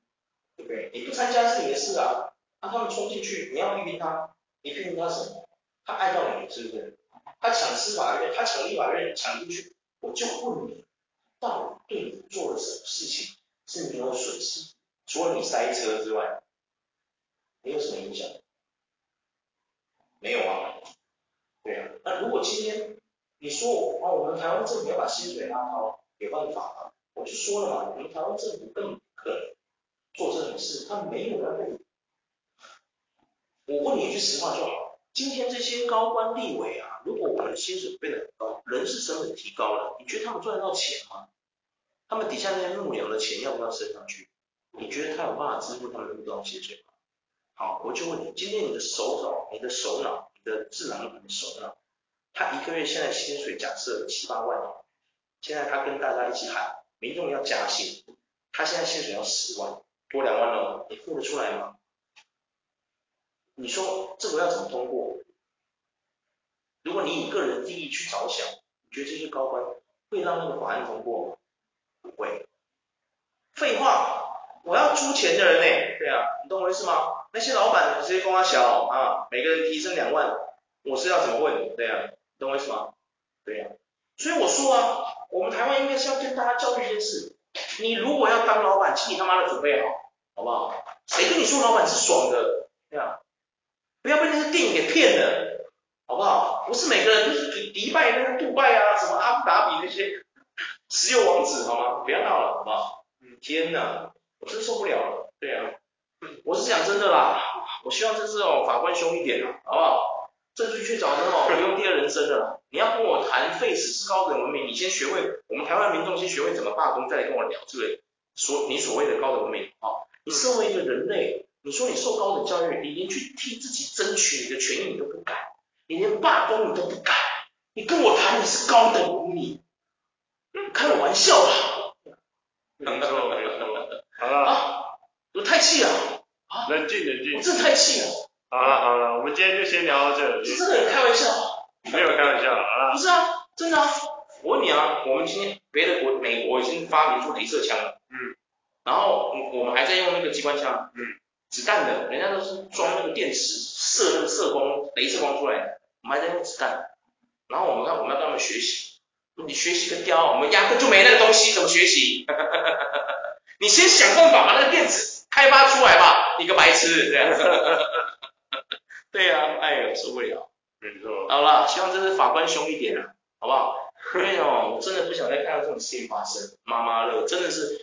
對不對？你不參加是你的事啊，讓、啊、他們衝進去，你要批評他，你批評他什麼？他礙到你是不是？他搶司法院，他搶立法院，搶進去，我就問你，到底對你做了什麼事情，是你有損失？除了你塞車之外，你有什麼影響？沒有啊？對啊，那如果今天你說我啊，我們台灣政府要把薪水拉高，有辦法嗎、啊？做，你們台灣政府更不可能做這種事，他沒有那個。我問你一句實話就好，今天這些高官立委啊，如果我們薪水變得很高，人事成本提高了，你覺得他們賺得到錢嗎？他們底下那些幕僚的錢要不要升上去？你覺得他有辦法支付他們那麼多薪水嗎？好，我就問你，今天你的首腦、你的首腦、你的智囊、你的首腦，他一個月現在薪水假設了七八萬，現在他跟大家一起喊。民眾要加薪，他現在薪水要十萬，多兩萬哦，你付得出來嗎？你說這個要怎麼通過？如果你以個人利益去着想，你覺得這些高官會讓那個法案通過嗎？不會，廢話，我要出錢的人呢？對啊，你懂我意思嗎？那些老板直接跟我講啊，每個人提升兩萬，我是要怎麼問？對啊，你懂我意思嗎？對呀、啊，所以我說啊。我們台灣應該是要跟大家教育一件事：你如果要當老闆，請你他媽的準備好，好不好？誰跟你說老闆是爽的？對啊，不要被那些電影給騙了，好不好？不是每個人都，就是迪拜，那個杜拜啊，什麼阿布達比那些石油王子，好嗎？不要鬧了，好不好，嗯？天哪，我真受不了了。對啊，我是講真的啦，我希望這次哦，法官兇一點，啊，好不好？這次去找的哦，不 用第二人生的啦。你要跟我談廢死是高等文明，你先學會我們台灣民眾先學會怎麼罷工，再來跟我聊這個所你所謂的高等文明啊！你身為一個人類，你說你受高等教育，你連去替自己爭取你的權益你都不敢，你連罷工你都不敢，你跟我談你是高等文明，嗯、開玩笑，吧好、 啊、了！啊！冷靜冷靜，我太氣了啊！冷靜冷靜，我真的太氣了。好了好了，我們今天就先聊到這裡。是真的開玩笑。沒有開玩笑啊！不是啊，真的啊！我問你啊，我們今天別的國，美國已經發明出鐳射槍了，嗯，然後我們還在用那個機關槍，嗯，子彈的，人家都是裝那個電池射那個射光鐳射光出來，我們還在用子彈。然後我們看我們要跟他們學習，你學習個雕，我們壓根就沒那個東西，怎麼學習？你先想辦法把那個電池開發出來吧，你個白痴，這樣子。 對啊，哎呦受不了。好啦，希望這次法官凶一點啊，好不好？哎呦，我真的不想再看到這種事情發生，媽媽了真的是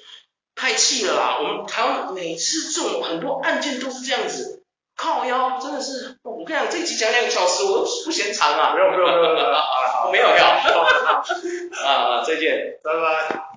太氣了啦。我們台灣每次這種很多案件都是這樣子，靠腰真的是，我跟你講，這集講兩個小時，我都不嫌長啊。沒有，沒有，沒有，沒有。 好，沒有票。啊， 啊，再見，拜拜。